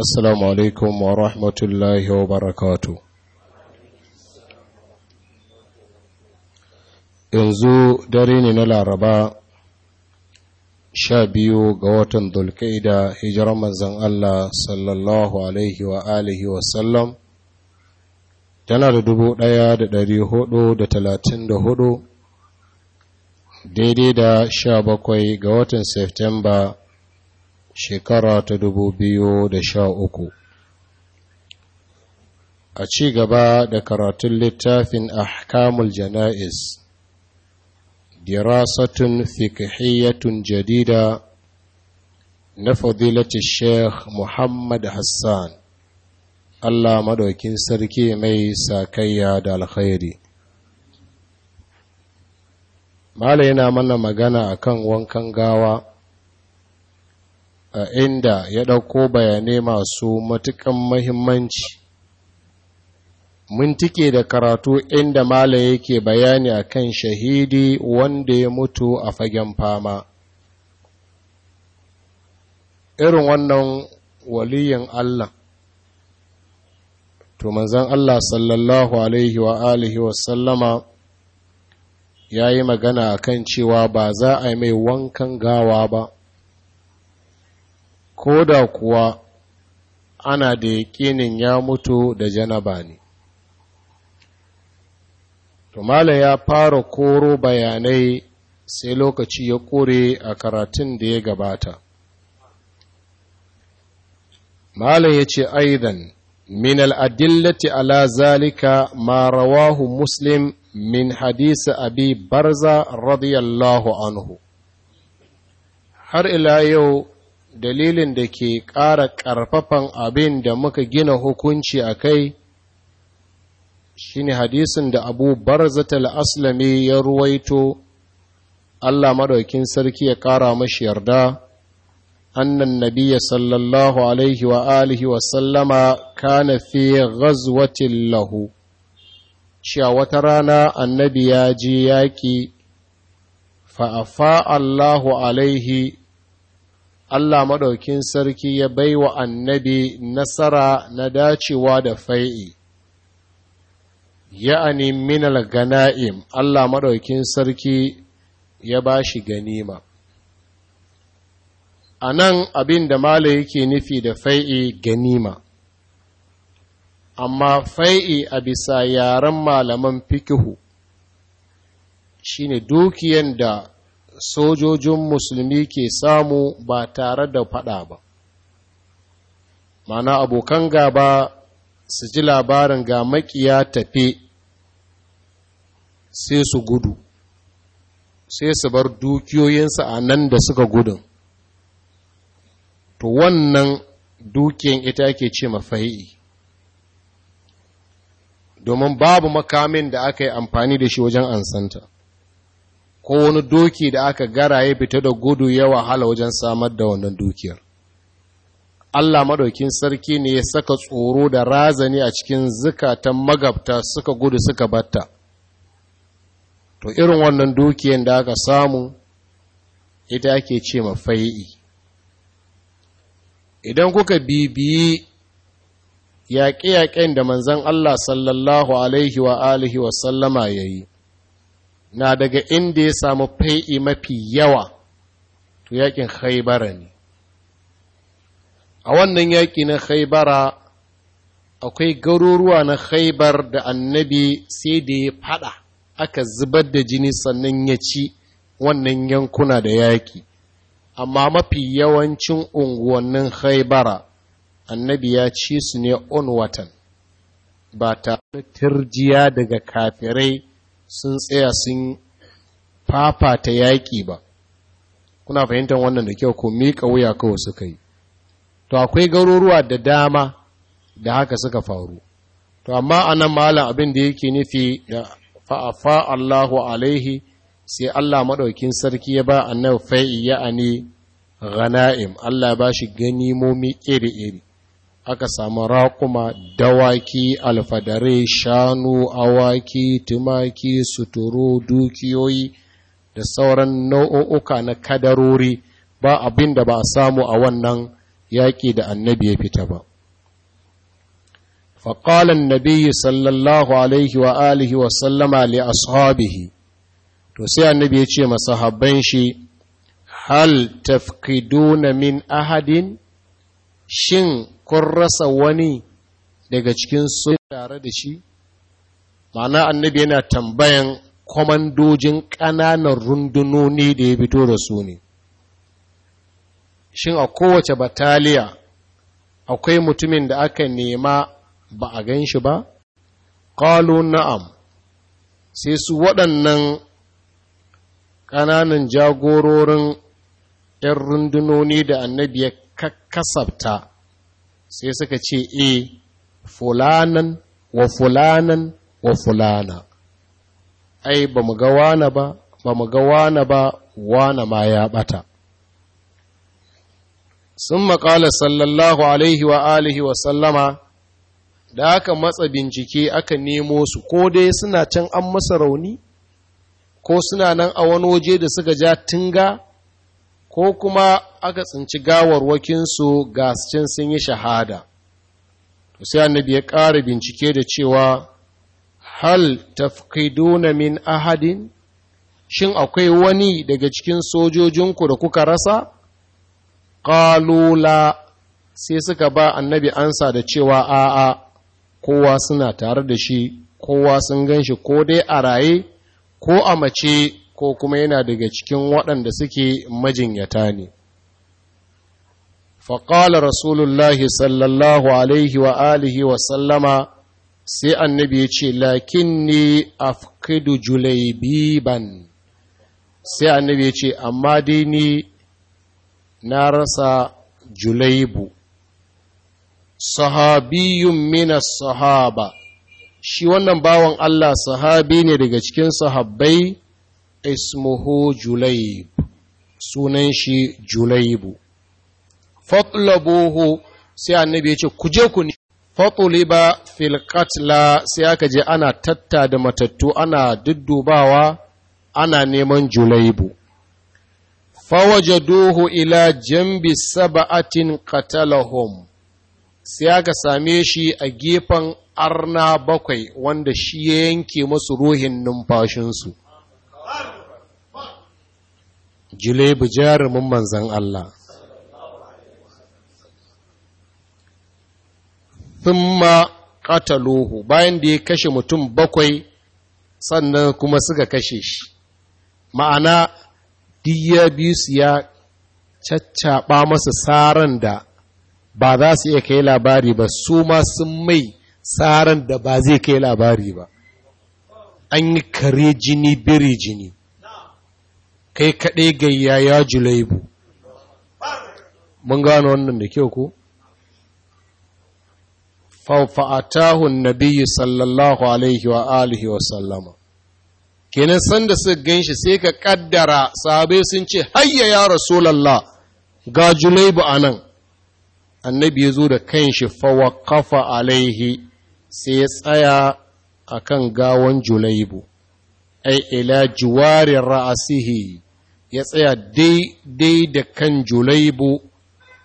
Assalamu alaikum wa rahmatullahi wa barakatu. Yanzu dare ne na Laraba sha biyu ga watan Dulkaida hijirar manzan Allah sallallahu alaihi wa alihi wa tana da dubu ɗaya da ɗari hudu da talatin da hudu daidai da sha bakwai ga watan Septemba shekara ta dubu biyu da sha uku. a ci gaba da karatun littafin ahkamul jana'iz dirasatun fikihiyatun jadida na fadilati sheikh muhammad hassan allah maɗaukin sarki mai sakayya da alkhairi mala yana mana magana akan wankan gawa a inda ya ɗauko bayanai masu matuƙan mahimmanci mun tike da karatu inda mala yake bayani a kan shahidi wanda ya mutu a fagen fama irin wannan waliyin Allah to manzan Allah sallallahu alaihi wa alihi wa ya yi magana a kan cewa ba za a yi mai wankan gawa ba ko da kuwa ana da yaƙinin ya mutu da janaba ne tumala ya fara koro bayanai sai lokaci ya ƙure a karatun da ya gabata Malam ya ce aidan min al'adillati ala zalika ma rawahu muslim min hadisa abi barza radiyallahu anhu har ila yau dalilin da ke ƙara ƙarfafan abin da muka gina hukunci a kai shine hadisin da abu barzatal aslami ya ruwaito Allah maɗaukin sarki ya ƙara mashi yarda annan nabiya sallallahu alaihi wa alihi wa sallama kana fi ghazwatin lahu cewa wata rana annabi ya je yaƙi fa'afa Allahu alaihi Allah maɗaukin sarki ya bai wa annabi nasara na dacewa da fai'i, ya'ani minal gana'im Allah maɗaukin sarki ya ba shi ganima. A nan abin da Mala yake nufi da fai'i ganima, amma fai'i a bisa yaren malaman fikihu shi ne dukiyan da sojojin musulmi ke samu ba tare da fada ba mana abokan gaba su ji labarin ga makiya tafe sai su gudu sai su bar dukiyoyinsu a nan da suka gudun to wannan dukiyan ita ake ce mafai'i domin babu makamin da aka yi amfani da shi wajen ansanta ko wani doki da aka gara ya fita da gudu ya wahala wajen samar da wannan dukiyar Allah maɗaukin sarki ne ya saka tsoro da razani a cikin zukatan magabta suka gudu suka batta to irin wannan dukiyar da aka samu ita ake ce mafai'i idan kuka bibiyi yaƙe-yaƙen da manzan Allah sallallahu alaihi wa alihi wa sallama ya yi na daga inda ya samu fai'i mafi yawa to yakin haibara ne a wannan yaki na haibara akwai garuruwa na haibar da annabi sai da ya fada aka zubar da jini sannan ya ci wannan yankuna da yaƙi amma mafi yawancin unguwannin haibara annabi ya ci su ne on watan ba ta turjiya daga kafirai sun tsaya sun fafata yaƙi ba kuna fahimtar wannan da kyau ko miƙa wuya kawai suka yi to akwai garuruwa da dama da haka suka faru to amma anan malam abin da yake nufi da fa'afa Allahu alaihi sai Allah maɗaukin sarki ya ba annabi fai'i ani ghana'im Allah ba shi ganimomi iri-iri aka samu raƙuma dawaki alfadare shanu awaki tumaki suturu dukiyoyi da sauran nau'uka na kadarori ba abin da ba a samu a wannan yaƙi da annabi ya fita ba sallallahu alaihi wa alihi wa sallama li ashabihi to sai annabi ya ce habban shi hal tafkiduna min ahadin shin kun rasa wani daga cikin su tare da shi ma'ana annabi yana tambayan kwamandojin ƙananan rundunoni da ya fito da su ne shin a kowace bataliya akwai mutumin da aka nema ba a gan shi ba ƙalo na'am sai su waɗannan ƙananan jagororin ‘yan rundunoni da annabi ya kakasabta sai suka ce e fulanan wa fulanan wa fulana ai ba mu ga wana ba ba mu ga wana ba wana ma ya bata sun maƙala sallallahu alaihi wa alihi wa sallama da aka matsa bincike aka nemo su ko dai suna can an masa rauni ko suna nan a wani waje da suka ja tunga ko kuma aka tsinci gawarwakinsu cin sun yi shahada to sai annabi ya ƙara bincike da cewa hal tafkiduna min ahadin shin akwai wani daga cikin sojojinku da kuka rasa Ƙalula sai suka ba annabi ansa da cewa a'a kowa suna tare da shi kowa sun gan shi ko dai a raye ko a mace ko kuma yana daga cikin waɗanda suke majinyata ne faƙalar rasulullahi sallallahu alaihi wa alihi wa sallama sai annabi ya ce lakin ne afkidu julaibiban sai annabi ya ce amma dai ni na rasa julaibu sahabiyun mina sahaba shi wannan bawan Allah sahabi ne daga cikin sahabbai ismuhu julayb sunan shi julaybu fatlabuhu sai annabi ya ce ku je ku fatuliba fil qatla sai aka je ana tatta da matattu ana duddubawa ana neman julaybu fawajaduhu ila jambi saba'atin qatalahum sai aka same shi a gefen arna bakwai wanda shi ya yanke masu ruhin numfashinsu julebu jarumin manzan Allah sun thumma qataluhu bayan da ya kashe mutum bakwai sannan kuma suka kashe shi ma'ana diya biyu su ya caccaɓa masa saran da ba za su iya kai labari ba su ma sun mai saran da ba zai kai labari ba an yi kare jini biri jini kai kaɗai gayya ya julaibu mun gano wannan da kyau ko fa'atahu nabiyyu sallallahu alaihi wa alihi wa sallama kenan sanda suka ganshi sai ka ƙaddara sahabai sun ce hayya ya rasulullah ga julaibu anan annabi ya zo da kanshi fawakafa alaihi sai ya tsaya a akan gawan julaibu ai ila juwarin ra'asihi ya tsaya daidai da kan julaibu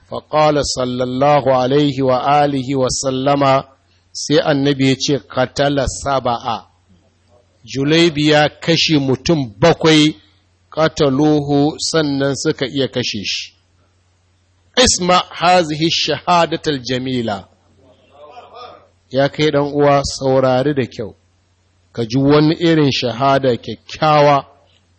faƙala sallallahu alaihi wa alihi wa sallama sai annabi ya ce katala saba'a Julaibu ya kashe mutum bakwai kataluhu sannan suka iya kashe shi isma hazihi shahadatar jamila ya kai ɗan uwa saurari da kyau ka ji wani irin shahada kyakkyawa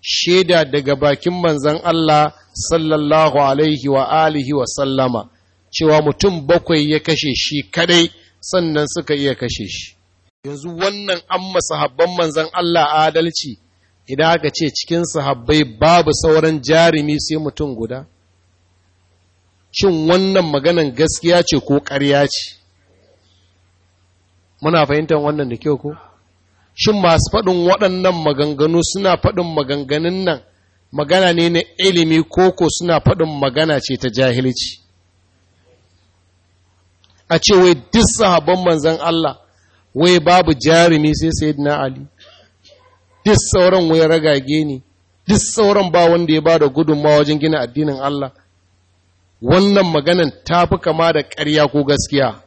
shaida daga bakin manzan Allah sallallahu alaihi wa alihi wa sallama cewa mutum bakwai ya kashe shi kadai sannan suka iya kashe shi yanzu wannan an sahabban manzan Allah adalci idan aka ce cikin sahabbai babu sauran jarumi sai mutum guda Cin wannan maganan gaskiya ce ko ƙarya ce muna fahimtar wannan da kyau ko shin masu faɗin waɗannan maganganu suna faɗin maganganun nan magana ne na ilimi koko suna faɗin magana ce ta jahilci a ce wai duk sahabban manzan Allah wai babu jarumi sai na Ali duk sauran wai ragage ne duk sauran ba wanda ya bada gudunmawa wajen gina addinin Allah wannan maganan ta fi kama da ƙarya ko gaskiya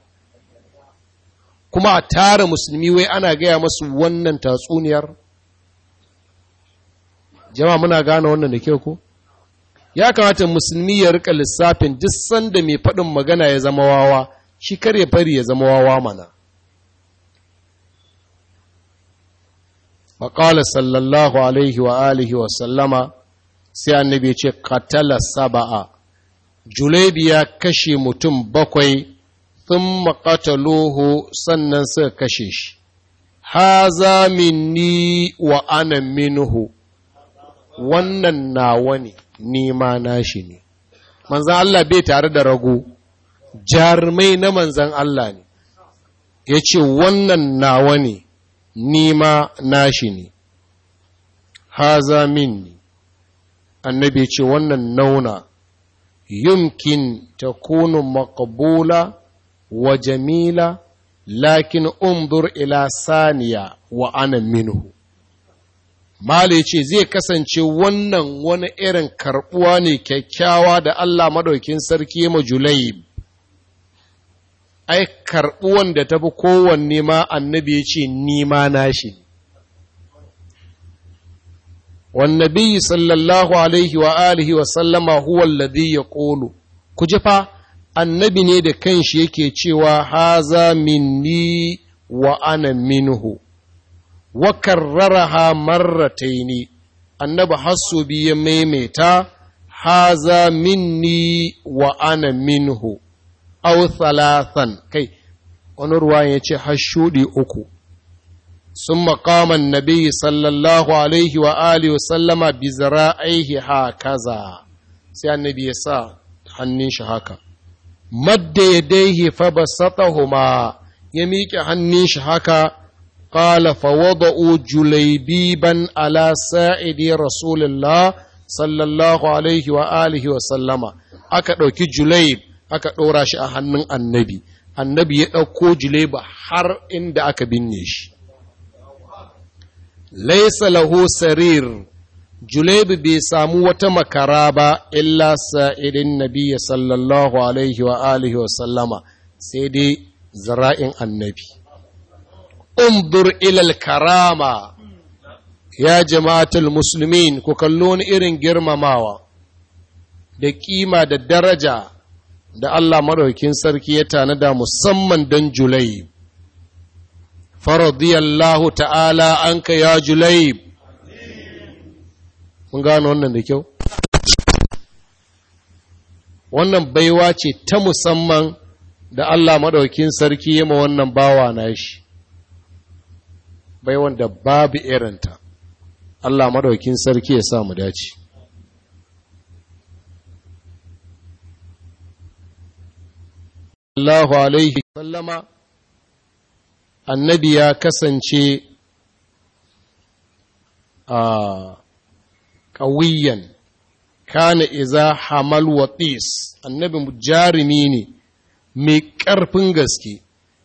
kuma a tara musulmi wai ana gaya masu wannan tatsuniyar Jama muna gane wannan da kyau ko ya kamata musulmi ya rika lissafin duk sanda mai faɗin magana ya zama wawa shi kar ya fari ya zama wawa mana maƙala sallallahu alaihi wa alihi wa sallama sai annabi ce katala saba'a julebi ya kashe mutum bakwai sun maƙataloho sannan suka kashe shi, haza minni wa ana minhu wannan nawa ne, nima nashi ne. Manzan Allah bai tare da rago, jarumai na manzan Allah ne, ya ce wannan nawa ne, nima nashi ne. Haza minni, annabi ce wannan nauna, yumkin ta kunu makabula wa jamila lakin umbur ila saniya wa ana minhu Mali zai kasance wannan wani irin karɓuwa ne kyakkyawa da Allah maɗaukin sarki ma Julayib. Ai, karɓuwan da tafi kowanne ma annabi ya ce, Nima na shi ne. Wannabi sallallahu Alaihi wa wa sallama huwa ladhi ya ƙolo, ku ji fa, annabi ne da kanshi yake cewa haza minni wa ana minhu wa yi marrataini annabi hasso ya maimaita haza minni wa ana minhu aw thalathan kai wani ya ce hashudi uku sun makaman nabi sallallahu alaihi wa alihi wa sallama haka hakaza sai annabi ya sa hannun shi haka madda daihi fa basatahuma ya miƙe hannun shi haka Kala fa wada'u ban ala sa'idi rasulillah sallallahu alaihi wa alihi wa sallama aka ɗauki julaib aka ɗora shi a hannun annabi annabi ya ɗauko julaib har inda aka binne shi laisa lahu sarir Julebi bai samu wata makara ba illa sa'idin nabiya sallallahu alaihi wa alihi wa sallama sai dai zarain annabi umdur ilal karama ya jama'atul musulmin ku kallo ni irin girmamawa da kima da daraja da Allah maɗaukin sarki ya tanada musamman don Julaib. Faradiyallahu ta'ala an ka ya Julaib, kun gano wannan da kyau wannan baiwa ce ta musamman da Allah madaukin sarki yi ma wannan bawa na shi baiwan da babu irinta Allah madaukin sarki ya sa mu dace Allahu alaihi sallama annabi ya kasance a ah, Kawiyan, kana iza hamal watis annabi jarumi ne mai ƙarfin gaske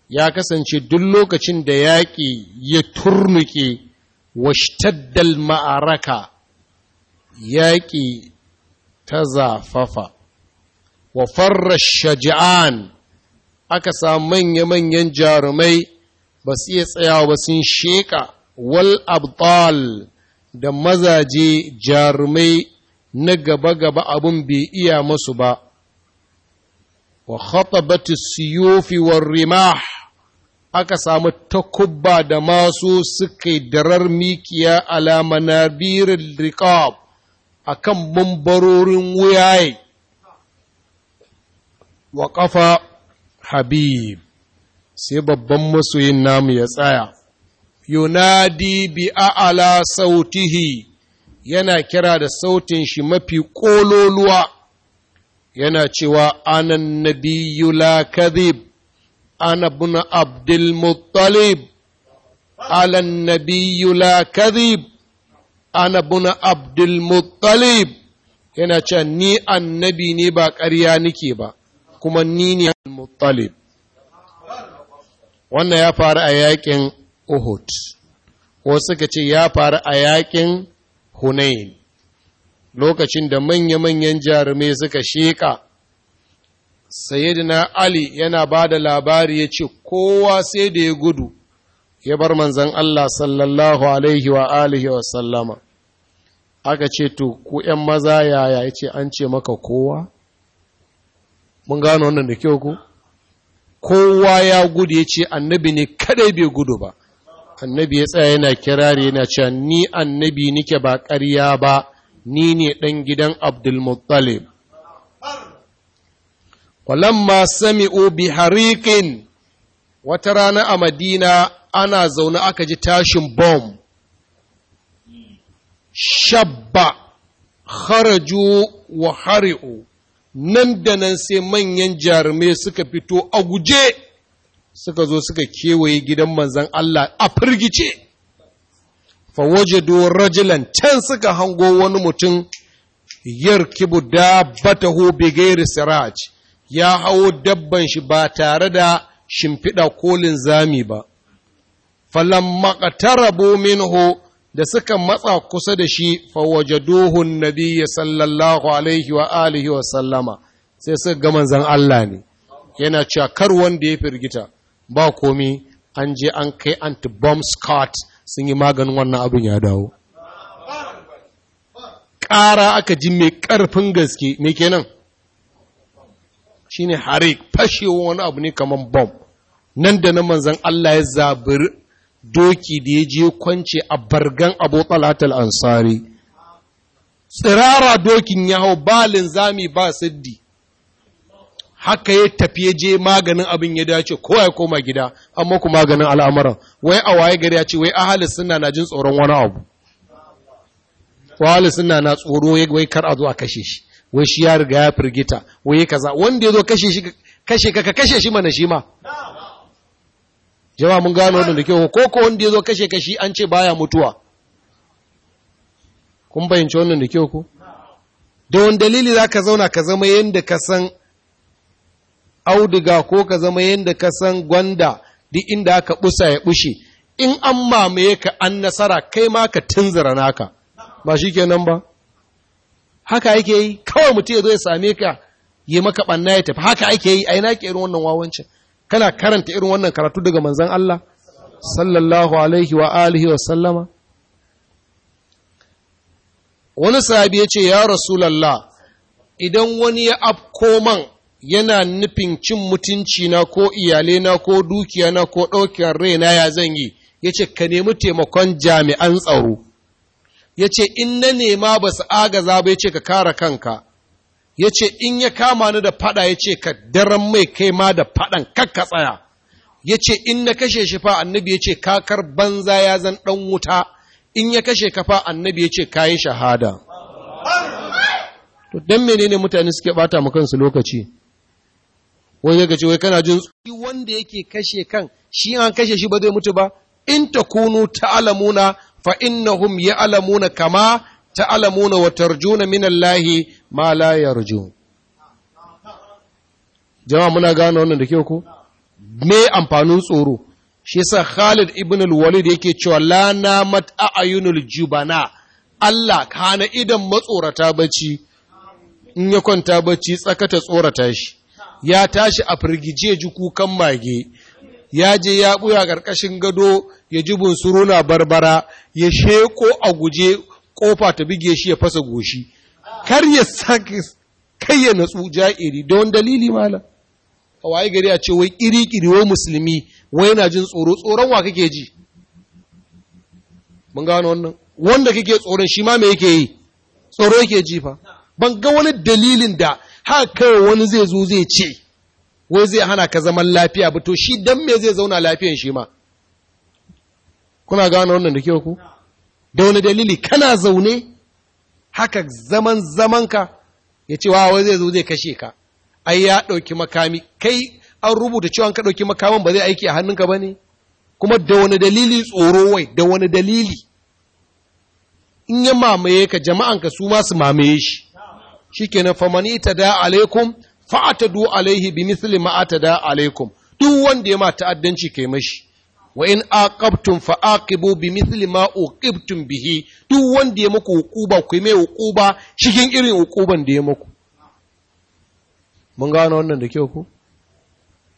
ya kasance duk lokacin da yaƙi ya turnuke washtaddal ma'araka yaƙi ta zafafa wa farra shaja'an aka sa manya-manyan jarumai ba su iya tsayawa ba sun sheƙa wal abdal da mazaje jarumai na gaba-gaba abin bai iya masu ba, wa khatabati siyofi wa rimah aka samu takubba da masu suka darar mikiya alama na birin rikab a kan bambarorin wuyaye, wa ƙafa habib sai babban masoyin namu ya tsaya. yunadi bi a'ala sautihi yana kira da sautin shi mafi ƙololuwa yana cewa anan nabiyyu la kadhib ana ibn abdul muttalib ala nabiyyu la kadhib ana ibn abdul muttalib yana cewa ni annabi ne ba ƙarya nike ba kuma ni ne muttalib wannan ya faru a yakin Uhud, wasu suka ce ya faru a yakin Hunain, lokacin da manya-manyan jarumai suka sheƙa, Sayyidina Ali yana ba da labari ya ce, Kowa sai da ya gudu, ya bar manzan Allah sallallahu Alaihi wa alihi wa sallama. Aka ce, To, ku ’yan maza yaya ya ce, An ce maka kowa? Mun gano wannan da kyau ku? Kowa ya gudu ya ce, Annabi ne kadai bai gudu ba. annabi ya tsaya yana kirari yana cewa ni annabi nike ba ƙarya ba ni ne ɗan gidan abdulmuttalib falamma sami'u bi hariqin wata rana a madina ana zaune aka ji tashin bom shabba kharaju wa hari'u nan da nan sai manyan jarumai suka fito a guje suka zo suka kewaye gidan manzan Allah a firgice fawajadu rajulan can suka hango wani mutum yarkibu dabbatahu bighairi siraj ya hau dabban shi ba tare da shimfiɗa ko linzami ba falan qatarabu minhu da suka matsa kusa da shi fawajaduhu Nabiya sallallahu alaihi wa alihi wa sallama sai suka ga manzan Allah ne yana cakar wanda ya firgita ba komi an je an kai anti-bomb scott sun yi maganin wannan abin ya dawo ƙara aka ji mai ƙarfin gaske mai kenan shine harik fashewa wani abu ne kamar Bom. nan da na manzan Allah ya zabiri doki da ya je kwance a bargan abu talatal ansari tsirara dokin ya hau balin zami ba siddi haka ya tafi je maganin abin ya dace ko ya koma gida an maku maganin al'amuran wai a waye gari ya ce wai ahalis suna na jin tsoron wani abu ahalis suna na tsoro wai kar a zo a kashe shi wai shi ya riga ya firgita wai ya kaza wanda ya zo kashe shi kashe ka ka kashe shi mana shi ma jama'a mun gano wannan da kyau ko ko wanda ya zo kashe ka shi an ce baya mutuwa kun bayyance wannan da kyau ko da wani dalili za ka zauna ka zama yadda ka san auduga ko ka zama yadda ka san gwanda duk inda aka busa ya bushe in an mamaye ka an nasara kai ma ka tunzura naka ba shi kenan ba haka ake yi kawai mutum ya zo ya same ka yi maka ɓanna ya tafi haka ake yi a yi ke irin wannan wawancin kana karanta irin wannan karatu daga manzan Allah sallallahu alaihi wa alihi wa sallama wani sahabi ya ce ya rasulallah idan wani ya afko man yana nufin cin mutunci na ko iyalai na ko dukiya na ko ɗaukiyar raina ya zan yi ya ce ka nemi taimakon jami'an tsaro ya ce in na nema ba su agaza ba ya ce ka kara kanka ya ce in ya kama ni da faɗa ya ce ka daren mai kai ma da fadan kakka tsaya ya ce in na kashe shi fa annabi ya ce kakar banza ya zan ɗan wuta in ya kashe ka fa annabi ya ce kayi shahada to dan menene mutane suke bata mu kansu lokaci wai ya gace wai kana jin wanda yake kashe kan shi an kashe shi ba zai mutu ba in takunu ta'lamuna fa innahum ya'lamuna kama ta'lamuna wa tarjuna min lahi, ma la yarju jama'a muna gane wannan da kyau ko me amfanin tsoro shi yasa Khalid ibn al-Walid yake cewa la namat a'yunul jubana Allah kana idan matsorata bacci in ya kwanta bacci tsakata tsorata shi ya tashi a firgice ji kukan mage ya je ya ɓuya ƙarƙashin gado ya ji bunsuru barbara ya sheko a guje ƙofa ta bige shi ya fasa goshi kar ya sake kai ya natsu ja'iri don dalili mala. a waye gari a ce wai kiri wai musulmi wai yana jin tsoro tsoron wa kake ji mun gano wannan wanda kake tsoron shi ma me yake yi tsoro yake ji fa ban ga wani dalilin da haka wani zai zo zai ce wai zai hana ka zaman lafiya ba to shi dan me zai zauna lafiyan shi ma kuna gane wannan da ke ku da wani dalili kana zaune haka zaman zaman ka ya ce wa zai zo zai kashe ka ai ya ɗauki makami kai an rubuta cewa ka ɗauki makamin ba zai aiki a hannunka ba ne kuma da wani dalili tsoro wai da wani dalili in ya mamaye ka jama'anka su ma su mamaye shi shikenan famani da alaikum fa'atadu alaihi bi misli ma da alaikum duk wanda ya ma ta'addanci kai mashi wa in aqabtum fa aqibu bi misli ma uqibtum bihi duk wanda ya muku hukuba ku mai hukuba cikin irin hukuban da ya muku mun gano wannan da kyau ku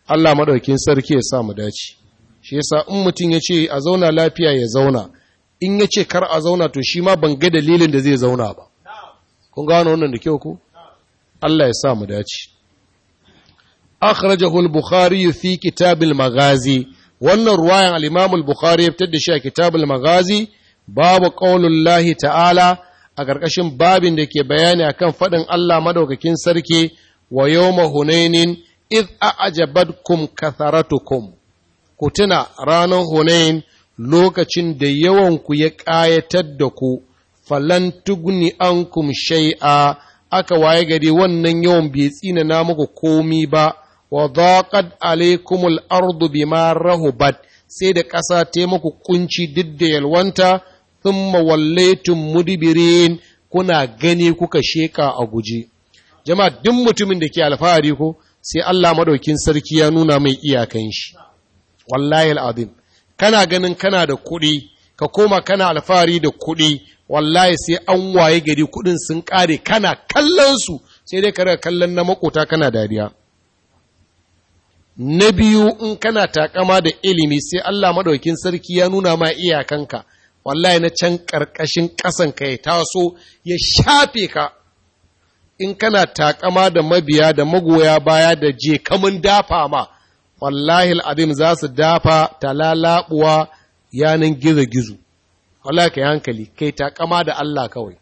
Allah madaukin sarki ya sa mu dace shi yasa in mutum ya ce a zauna lafiya ya zauna in ya ce kar a zauna to shi ma ban ga dalilin da zai zauna ba kun gano wannan da kyau ku Allah ya sa mu dace akhrajahu al-bukhari fi kitab al-maghazi wannan ruwayan al-imam al-bukhari ya fitar da shi a kitab al-maghazi babu qaulullahi ta'ala a ƙarƙashin babin da ke bayani akan faɗin Allah madaukakin sarki wa yawma hunainin iz a'jabatkum katharatukum ku tuna ranar hunain lokacin da yawan ku ya ƙayatar da ku falan an ankum shai'a, aka waye gari wannan yawan bai tsina na muku komi ba wa daqat alaykumul ardu bima rahubat sai da ƙasa ta muku kunci duk da yalwanta thumma wallaytum mudbirin kuna gani kuka sheka a guje jama'a duk mutumin da ke alfahari ko sai Allah madaukin sarki ya nuna mai iyakan shi wallahi alazim kana ganin kana da kuɗi ka koma kana alfahari da kuɗi wallahi sai an waye gari kudin sun kare kana kallon su sai dai kare kallon na makota kana dariya na biyu in kana takama da ilimi sai Allah maɗaukin sarki ya nuna ma iyakanka wallahi na can ƙarƙashin kasan ka ya taso ya shafe ka in kana takama da mabiya da magoya baya da je kamun dafa ma wallahi al'adim za su dafa talalabuwa yanan gizo-gizo ka yi hankali kai ta kama da Allah kawai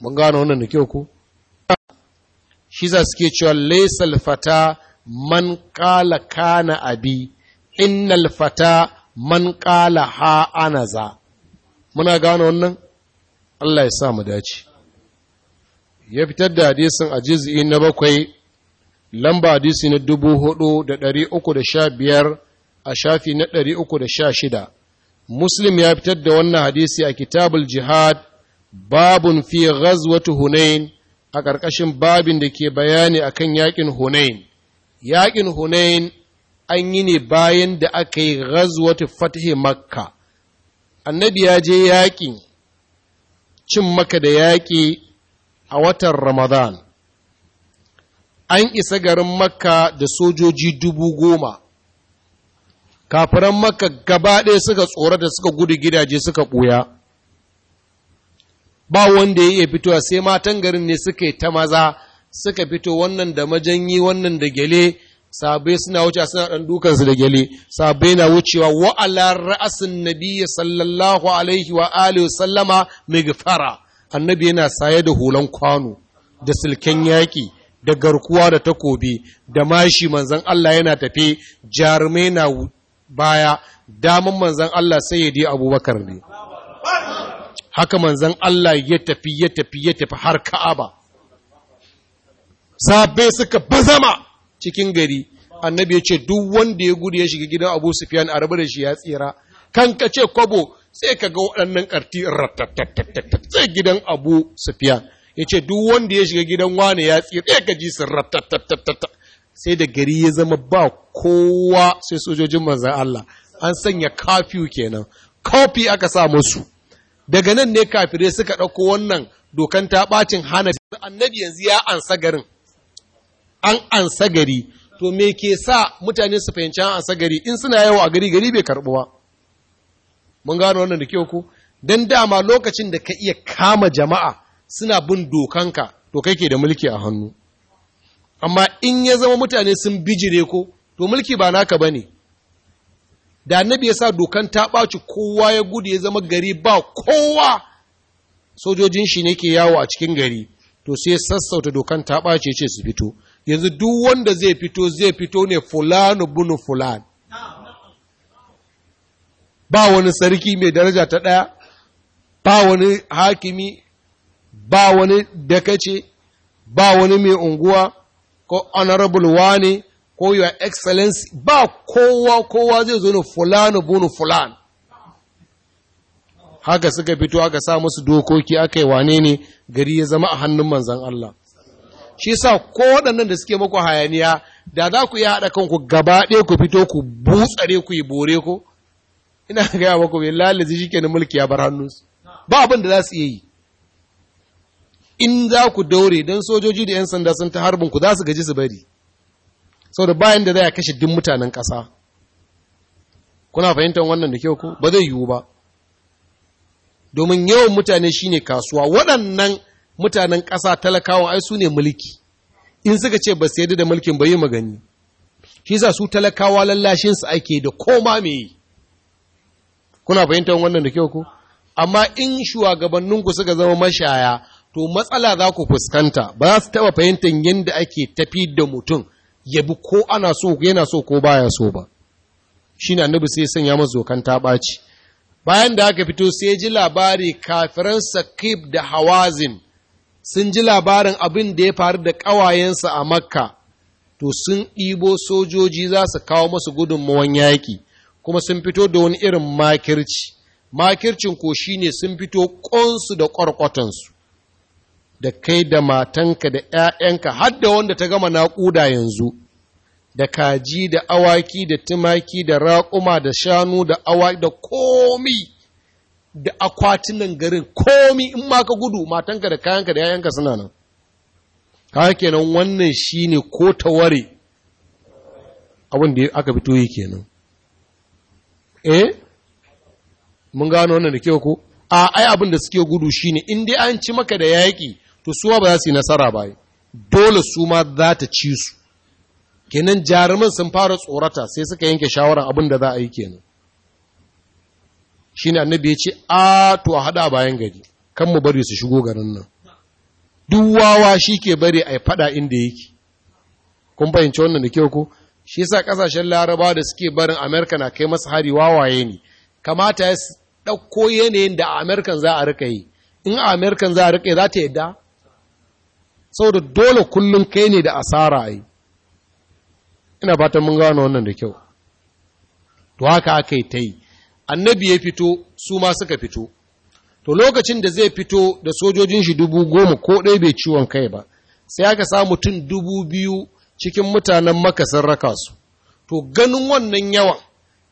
mun gano wannan da kyau ko shi za suke cewa laisal fata man kala kana abi innal fata man kala ha anaza muna gano wannan Allah ya sa mu dace ya fitar da hadisin ajizi na bakwai lamba hadisi na dubu hudu da ɗari uku da sha biyar a shafi na ɗari uku da sha shida muslim ya fitar da wannan hadisi a kitabul jihad babun fi ghazwatu hunain a ƙarƙashin babin da ke bayani akan yakin hunain yakin hunain an yi ne bayan da aka yi ghazwatu fathi makka annabi ya je yaƙi cin maka da yaƙi a watan ramadan an isa garin makka da sojoji dubu goma kafiran maka gaba ɗaya suka tsora da suka gudu gidaje suka ɓuya ba wanda ya iya fitowa sai matan garin ne suka yi ta maza suka fito wannan da majanyi wannan da gyale sabai suna wucewa suna ɗan dukansu da gyale sabai na wucewa wa ala ra'asin nabiyyi sallallahu alaihi wa alihi sallama migfara annabi yana saye da hulan kwano da silken yaƙi da garkuwa da takobi da mashi manzon Allah yana tafe jarumai na baya daman manzan Allah sai ya je abubakar ne haka manzan Allah ya tafi ya tafi ya tafi har ka'aba sabai suka bazama cikin gari annabi ya ce duk wanda ya gudu ya shiga gidan abu sufiyan a rabu da shi ya tsira kan ka ce kwabo sai ka ga waɗannan ƙarti sai gidan abu sufiyan ya ce duk wanda ya shiga gidan wani ya tsira ya ka ji sun ratatatata sai da gari ya zama ba kowa sai sojojin manzan Allah an sanya kafiyu kenan kofi aka sa musu daga nan ne kafirai suka ɗauko wannan dokan ta ɓacin hana annabi yanzu ya ansa garin an ansa gari to me ke sa mutane su fahimci an ansa gari in suna yawo a gari gari bai karɓuwa mun gano wannan da kyau ku don dama lokacin da ka iya kama jama'a suna bin dokanka to kai ke da mulki a hannu amma in ya zama mutane sun bijire ko to mulki ba naka bane da annabi ya sa dokan ta ɓaci kowa ya gudu ya zama gari ba kowa sojojin shi ne ke yawo a cikin gari to sai sassauta dokan ta ɓace ce su fito yanzu duk wanda zai fito zai fito ne fulano bunu fulan ba wani sarki mai daraja ta ɗaya ba wani hakimi ba wani dakace ba wani mai unguwa ko honorable wane ko your excellence ba kowa kowa zai zo ne fulani bunu fulani haka suka fito aka sa musu dokoki aka yi wane ne gari ya zama a hannun manzan Allah shi sa ko waɗannan da suke maku hayaniya da za ku yi haɗa kanku gaba ɗaya ku fito ku butsare ku yi bore ku ina gaya maku bai lalazi shi kenan mulki ya bar hannunsu ba abin da za su iya yi in za ku daure don sojoji da 'yan sanda sun ta harbin ku za su gaji su bari sau da bayan da za a kashe din mutanen ƙasa kuna fahimtar wannan da kyau ku ba zai yiwu ba domin yawan mutane shine kasuwa waɗannan mutanen ƙasa talakawan ai su ne mulki in suka ce ba su yadda da mulkin ba yi magani shi sa su talakawa lallashinsu ake da koma me yi kuna fahimtar wannan da kyau ku amma in shugabanninku suka zama mashaya to matsala za ku fuskanta ba za su taɓa fahimtar yadda ake tafi da mutum ya bi ko ana so yana so ko baya so ba shi na nubu sai sanya masu dokan ta bayan da aka fito sai ji labari kafiran sakib da hawazin sun ji labarin abin da ya faru da ƙawayensa a makka to sun ɗibo sojoji za su kawo masu gudunmawan yaƙi kuma sun fito da wani irin makirci makircin ko shine sun fito ƙonsu da ƙwarƙwatansu da kai da matanka da ‘ya'yanka har da wanda ta gama naƙuda yanzu, da kaji da awaki da tumaki da raƙuma da shanu da awaki da komi da akwatunan garin komi in ma ka gudu matanka da kayanka da ‘ya'yanka suna nan. Kayan kenan wannan shi ne ko taware abin da aka fito yi kenan. Eh? Mun gano wannan da kyau ko? a ai abin da suke gudu ne, in dai an ci maka da yaƙi to suwa ba za su yi nasara ba dole su ma za ta ci su kenan jarumin sun fara tsorata sai suka yanke shawarar abin da za a yi kenan ne annabi ya ce a to a hada bayan gari kan mu bari su shigo garin nan duk wawa shi ke bari a faɗa inda yake kun fahimci wannan da kyau ko shi sa kasashen laraba da suke barin amerika na kai masa hari wawaye ne kamata ya ɗauko yanayin da a za a rika yi in amerika za a rika yi za ta yadda saboda dole kullum kai ne da asara yi ina ta mun gano wannan da kyau to haka aka yi ta yi annabi ya fito su ma suka fito to lokacin da zai fito da sojojin shi dubu goma ko ɗaya bai ciwon kai ba sai aka sa mutum dubu biyu cikin mutanen maka su to ganin wannan yawan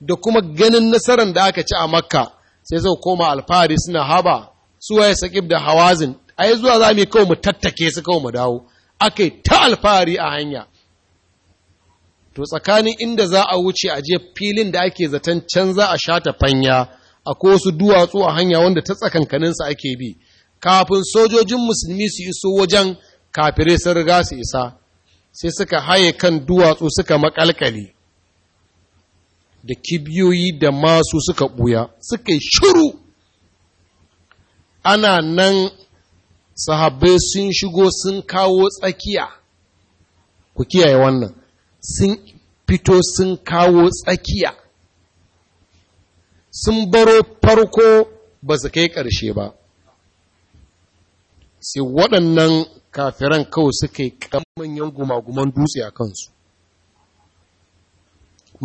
da kuma ganin nasarar da aka ci a makka sai zai koma alfahari suna haba su waye saƙib da hawazin A yi zuwa za mu kawai mu tattake su kawai mu dawo yi ta alfahari a hanya to tsakanin inda za a wuce a je filin da ake zaton can za a shata fanya a ko su duwatsu a hanya wanda ta tsakankaninsa ake bi kafin sojojin musulmi su iso wajen kafirai sun riga su isa sai suka haye kan duwatsu suka makalkale da kibiyoyi da masu suka buya suka yi shuru ana nan sahabbai sun shigo sun kawo tsakiya ku kiyaye wannan sun fito sun kawo tsakiya sun baro farko ba su kai ƙarshe ba sai waɗannan kafiran kawai suka yi manyan gumaguman dutse a kansu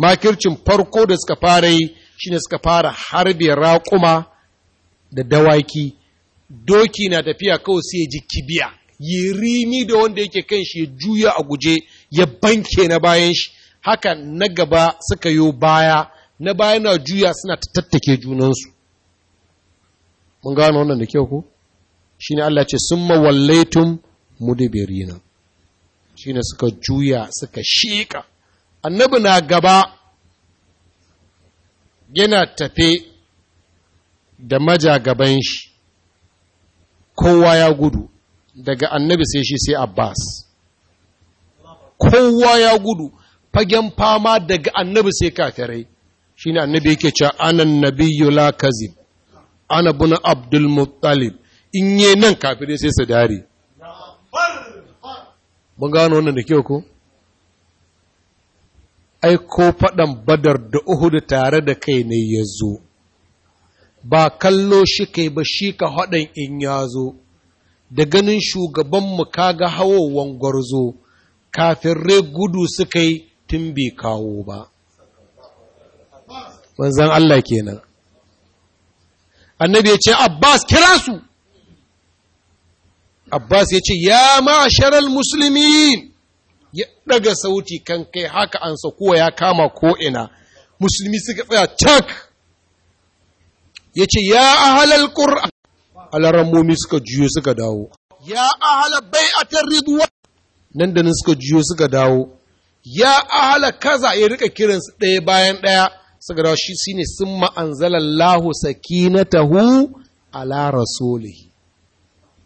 makircin farko da suka fara yi shi ne suka fara harbe raƙuma da dawaki doki na tafiya kawai sai ji kibiya ya rimi da wanda yake kan shi ya juya a guje ya banke na bayan shi haka na gaba suka yo baya na baya na juya suna ta tattake junansu mun gano wannan da kyau ko ne Allah ce summa wallaitum mudibirina ne suka juya suka shika annabi na gaba yana tafe da majagaban shi kowa ya gudu daga annabi sai shi sai abbas kowa ya gudu fagen fama daga annabi sai kafirai shi ne annabi yake cewa anan nabiyyu la kazib ana buna abdul muttalib in yi nan kafirai sai su dare mun gano wannan da kyau ko ai ko faɗan badar da Uhud tare da kai ne ya zo ba kallo shi kai ba shi ka haɗin in ya zo, da ganin shugabanmu kaga hawowan gwarzo, kafin rai gudu suka yi tun bai kawo ba. Manzan Allah kenan. Annabi ya ce, Abbas kira su! Abbas ya ce, Ya ma'asharar musulmi! Ya ɗaga sauti kan kai haka ansa kowa ya kama ko'ina, musulmi suka tsaya cak! ya ce ya ahalal ƙur'an momi suka juyo suka dawo ya ahala bai'atar ridwa nan da nan suka juyo suka dawo ya ahala kaza ya rika kiransu ɗaya bayan ɗaya suka dawo shi shine sun ma'anzalallahu sakinatahu ala rasulihi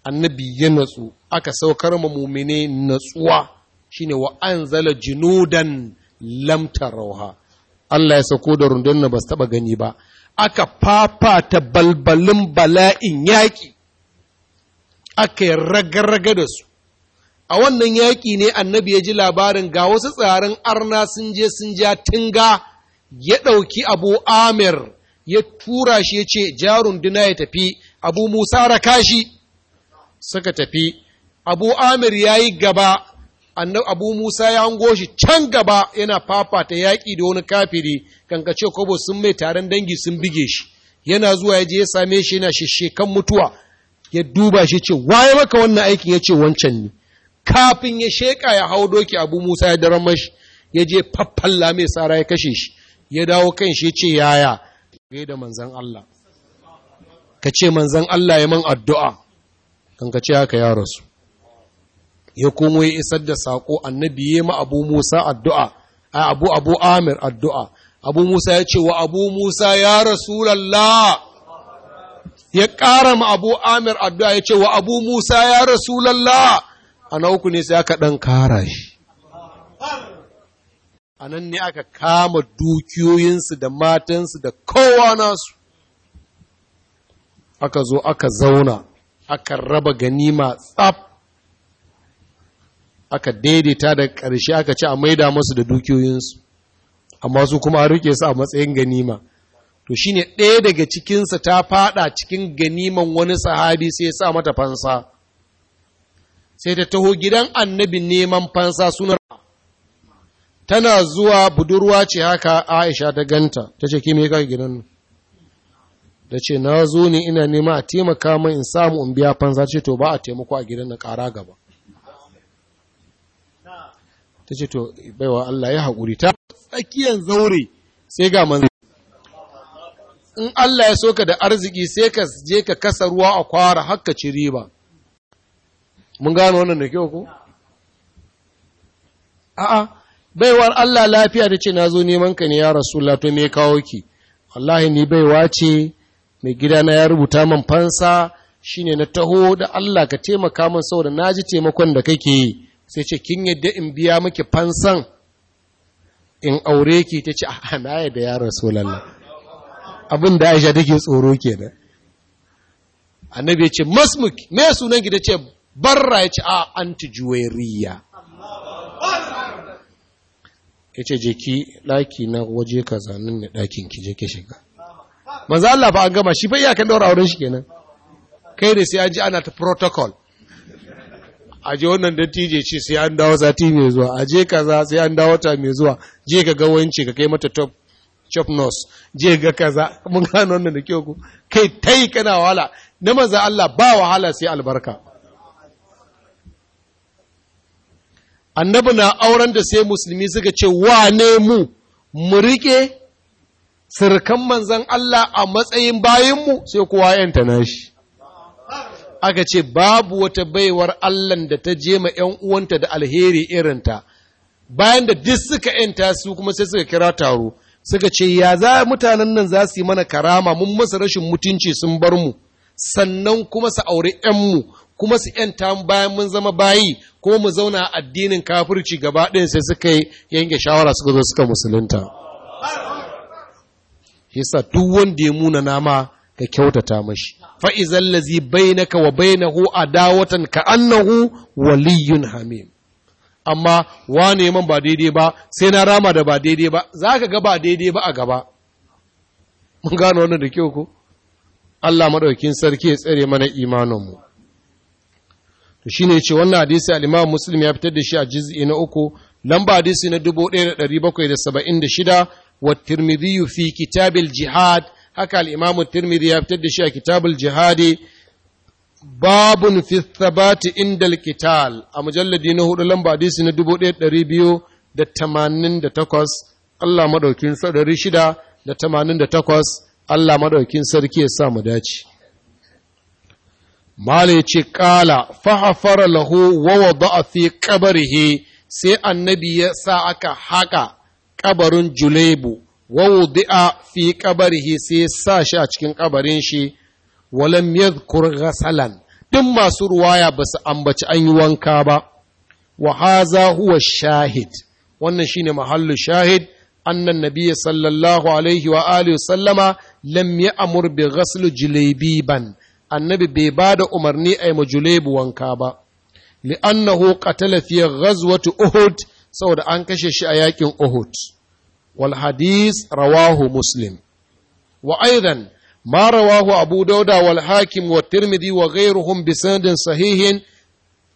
annabi ya natsu aka saukar ma mumine natsuwa shine wa anzala junudan lam Allah ya sauko da rundunar ba su taba gani ba aka fafata balbalin bala'in yaƙi, aka yi raga-raga da su. A wannan yaƙi ne annabi ya ji labarin ga wasu tsarin arna sun je sun ja tinga ya ɗauki abu Amir ya tura shi ya ce jarun dina ya tafi, abu Musa raka shi suka tafi, abu Amir ya yi gaba annabi abu musa ya hango shi can gaba yana fafata yaƙi da wani kafiri kankace kobo sun mai taron dangi sun bige shi yana zuwa ya je ya same shi yana shekan mutuwa ya duba shi ce waye maka wannan aikin ya ce wancan ne kafin ya sheka ya hau doki abu musa ya daren mashi ya je faffalla mai tsara ya kashe shi ya dawo kan shi ce yaya gai da manzan Allah ka ce manzan Allah ya man addu'a kan haka ya rasu ya kuma ya isar da saƙo annabi ya ma abu musa addu'a a abu abu amir addu'a abu musa ya ce wa abu musa ya rasulallah ya ƙara ma abu amir addu'a ya ce wa abu musa ya rasulallah a na uku ne sai aka ɗan kara shi a nan ne aka kama dukiyoyinsu da matansu da kowa nasu aka zo aka zauna aka raba ganima tsaf aka daidaita da ƙarshe aka ci a maida masu da dukiyoyinsu amma su kuma rike su a matsayin ganima to shine ɗaya daga cikinsa ta fada cikin ganiman wani sahabi sai ya sa mata fansa sai ta taho gidan annabi neman fansa sunar tana zuwa budurwa ce haka aisha ta ganta ta ce kime kai gidan da ce na zo ne ina nema a taimaka min in samu in biya fansa ce to ba a taimako a gidan na ƙara gaba ta ce to baiwa Allah ya haƙuri ta tsakiyar zaure sai ga manzo in Allah ya soka da arziki sai ka je ka kasa ruwa a kwara haka ci riba mun gano wannan da kyau ko a'a baiwar Allah lafiya da ce nazo neman ka ne ya rasu to me kawo ki wallahi ni baiwa ce mai gida na ya rubuta man fansa shine na taho da Allah ka taimaka min saboda ji taimakon da kake yi sai ce kin yadda in biya miki fansan in aure ki ta ce a na yadda ya rasulallah abin da aisha take tsoro kenan annabi ya ce masmuk me sunan ki ta ce barra ya ce a anti juwairiya ya ce je ki ɗaki na waje ka zanen ne ɗakin ki je ki shiga manzo Allah an gama shi fa iyakan daura auren shi kenan kai da sai an ji ana ta protocol aje wannan dattije ce sai an dawo sati mai zuwa aje kaza sai an dawo ta mai zuwa je ka ga wance ka kai mata top chop nose je ga kaza mun gano wannan da kyau ko kai tai kana wahala na maza Allah ba wahala sai albarka annabi na auren da sai musulmi suka ce wa ne mu mu rike sirkan manzan Allah a matsayin bayinmu sai kowa yanta nashi aka ce babu wata baiwar Allahn da ta je ma ‘yan uwanta da alheri irin ta. bayan da duk suka ‘yanta su kuma sai suka kira taro, suka ce, Ya za mutanen nan za su yi mana karama mun masa rashin mutunci sun bar mu, sannan kuma su auri mu kuma su ‘yanta bayan mun zama bayi, ko mu zauna addinin kafirci gaba ɗaya sai suka yanke shawara suka zo suka musulunta. Yasa duk wanda ya muna nama ka kyautata mashi fa izal ladzi bainaka wa bainahu dawatan ka annahu waliyyun hamim amma wane man ba daidai ba sai na rama da ba daidai ba zaka ga ba daidai ba a gaba mun gano wannan da kyau ko Allah madaukin sarki ya tsare mana imanin mu to shine yace wannan hadisi al-Imam Muslim ya fitar da shi a juz'i na uku lamba hadisi na 1776 wa Tirmidhi fi kitabil jihad haka al'imamu tirmidhi ya fitar da shi a kitabul jihadi babun fi thabati indal qital a mujalladi na hudu lamba hadisi na takwas. Allah madaukin sarari shida da takwas. Allah madaukin sarki ya sa mu dace Mala ya ce, Ƙala, fahafara lahu wa wada'a fi ƙabarihi sai annabi ya sa aka haƙa ƙabarin Julaibu, wa wudi'a fi qabrihi sai sa shi a cikin kabarin shi walam yadhkur ghasalan duk masu ruwaya ba su ambaci an yi wanka ba wa haza huwa shahid wannan shine mahallu shahid annan nabiyya sallallahu alaihi wa alihi sallama lam ya'mur bi ghasl julaybiban annabi bai ba da umarni a ma julaybu wanka ba li'annahu qatala fi ghazwati uhud saboda an kashe shi a yakin uhud wal rawahu muslim wa aidan ma rawahu abu dauda wal wa tirmidhi wa ghayruhum bi sanadin sahihin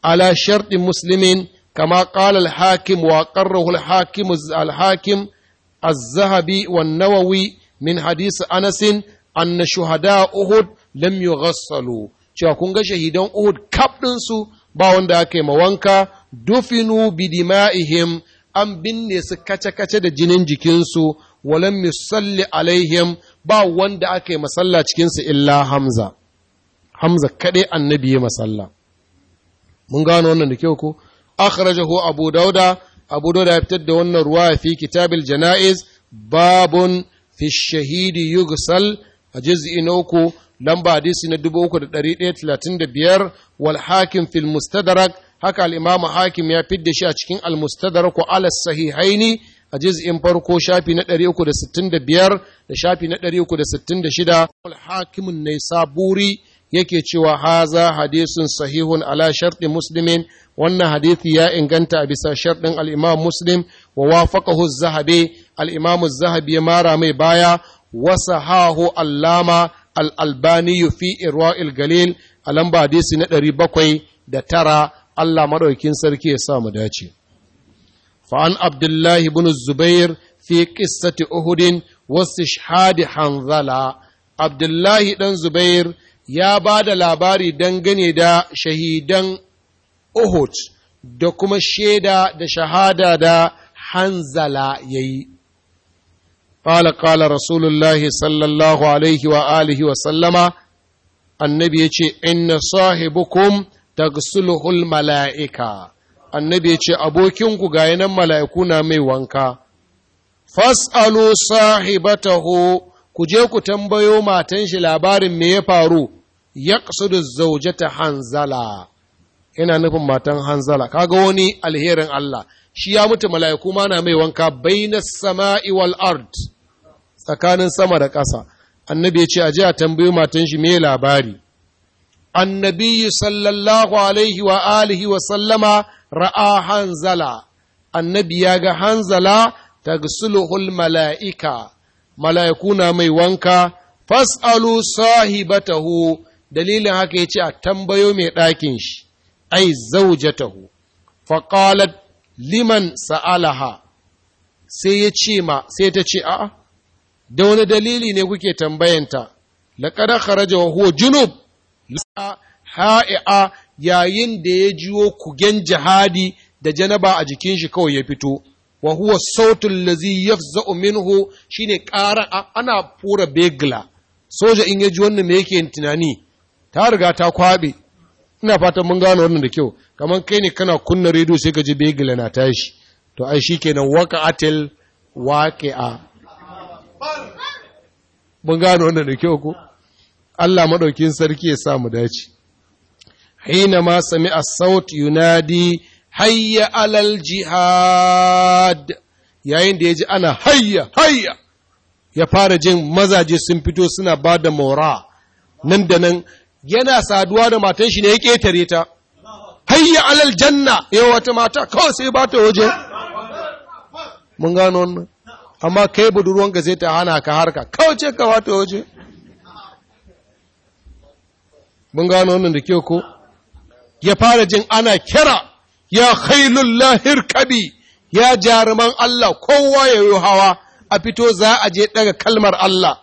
ala shartin muslimin كما قال الحاكم وقره الحاكم الحاكم الذهبي والنووي من حديث أنس أن شهداء أهد لم يغسلوا cewa kun ga shahidan Uhud kaf ba wanda aka yi mawanka dufinu bidima'ihim an binne su kace-kace da jinin jikinsu walam misalli alaihim ba wanda aka yi masalla cikinsu illa hamza hamza kaɗai annabi ya masalla mun gano wannan da kyau ko akhrajahu abu dauda abu dauda ya fitar da wannan ruwa fi kitabil janaiz babun fi shahidi yugsal a juz'i na uku lamba hadisi na 3135 wal hakim fil mustadrak haka al'imamu hakim ya fidda shi a cikin almustadar ku alas sahihaini a jiz'in farko shafi na 365 da shafi na 366 al ne saburi yake cewa haza hadisun sahihun ala sharɗin muslimin wannan hadithi ya inganta a bisa sharɗin al'imam muslim wa wafaqahu zahabe al'imamu zahabi ya mara mai baya wasa hahu allama al'albani fi irwa'il galil a lamba hadisi na ɗari bakwai da tara Allah maɗaukin sarki ya sa mu dace fa'an abdullahi bin zubair fi qissati uhudin shahadi hanzala abdullahi dan zubair ya ba da labari dangane da shahidan uhud da kuma shaida da shahada da hanzala ya yi قال قال رسول الله صلى الله عليه وآله وسلم النبي يقول إن صاحبكم tagsuluhul mala'ika annabi ya ce abokinku ga yanan mala'iku na mai wanka fas'alu sahibatahu ku je ku tambayo matan shi labarin me ya faru ya zaujata hanzala Ina nufin matan hanzala kaga wani alherin Allah shi ya mutu mala'iku ma na mai wanka baina sama'i wal ard tsakanin sama da ƙasa annabi ya ce a je a tambayo matan shi me labari annabi sallallahu ra'a hanzala annabi ya ga hanzala ta tagsuluhul mala'ika mala'iku na mai wanka fas'alu sahibatahu dalilin haka ya ce a tambayo mai ɗakin shi ai zaujatahu faƙalat liman sa'alaha sai ya ce ma sai ta ce a'a da wani dalili ne kuke tambayanta laƙada kharaja wa huwa junub na ha'i'a yayin da ya jiwo kugen jihadi da janaba a jikin shi kawai ya fito wa huwa sautul lazi yafza'u minhu shine ƙara ana fura begla soja in ya ji wannan me yake tunani ta riga ta kwabe ina fatan mun gano wannan da kyau kamar kai ne kana kunna rediyo sai ka ji begla na tashi to ai shikenan waqa'atil waqi'a mun gano wannan da kyau ko Allah maɗaukin sarki ya sa mu dace Haina ma sami a saut yunadi hayya alal jihad yayin da ya ji ana hayya hayya ya fara jin mazaje sun fito suna ba da mora nan da nan yana saduwa da matan shi ne ya ƙetare ta hayya alal janna yau wata mata kawai sai ba ta waje mun gano wannan amma kai budurwanka zai ta hana ka harka kawai ce ka waje mun gano wannan da kyau ko ya fara jin ana kira ya khailullahir kabi ya jaruman Allah kowa ya yi hawa a fito za a je daga kalmar Allah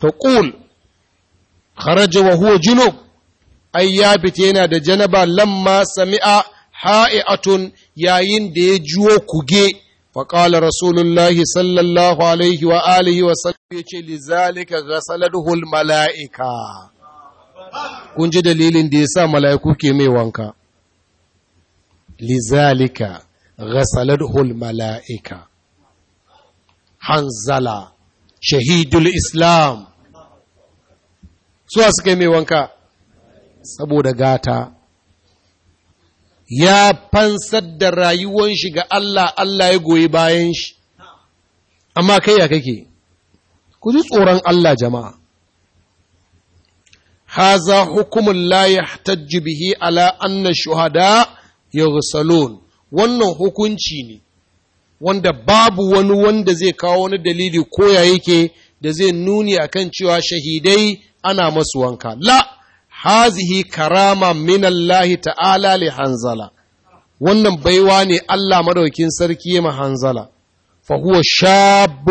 ta ƙul kharaja wa huwa junub ai ya fita yana da janaba lamma sami'a ha'i'atun yayin da ya juwo kuge فقال رسول الله صلى الله عليه وآله وسلم يقول لذلك غسله mala'ika. kun ji dalilin da ya sa mala'iku ke mai wanka lizalika hul mala'ika hanzala shahidul islam suwa suka yi mai wanka saboda gata ya fansar da rayuwan shi ga Allah Allah ya goyi bayan shi amma kai ya kake ku ji tsoron Allah jama'a haza hukumun la yahtajju bihi ala anna shuhada yughsalun wannan hukunci ne wanda babu wani wanda zai kawo wani dalili koya yake da zai nuni akan cewa shahidai ana masu wanka la hazihi karama minallahi ta'ala li hanzala wannan baiwa ne Allah maɗaukin sarki ma hanzala fa huwa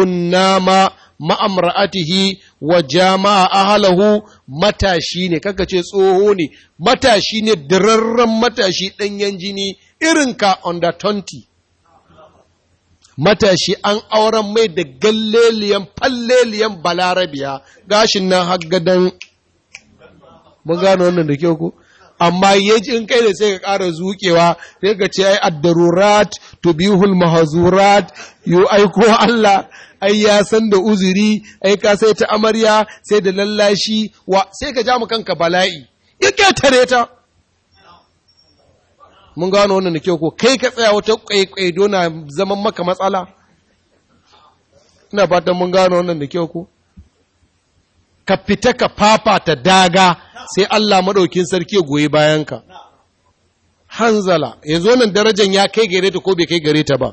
nama ma'amra'atihi wa jama'a ahalahu matashi ne kaka ce tsoho ne matashi ne dirarren matashi ɗanyen jini irinka under 20 matashi an auren mai da galleliyan falleliyan balarabiya gashin nan haggadan mun gano wannan da kyau ko amma yaji in kai da sai ka ƙara zuƙewa sai ka ce ai addarurat tubihul mahzurat yo ko Allah ai ya san da uzuri ai ka sai ta amarya sai da lallashi wa sai ka ja mu kanka bala'i ya ketare ta mun gano wannan da kyau ko kai ka tsaya wata kwaikwaido na zaman maka matsala ina fatan mun gano wannan da kyau ko ka fita ka fafata daga sai Allah maɗaukin sarki ya goyi bayanka. Hanzala, yanzu wannan darajan ya kai gare ta ko bai kai gare ta ba.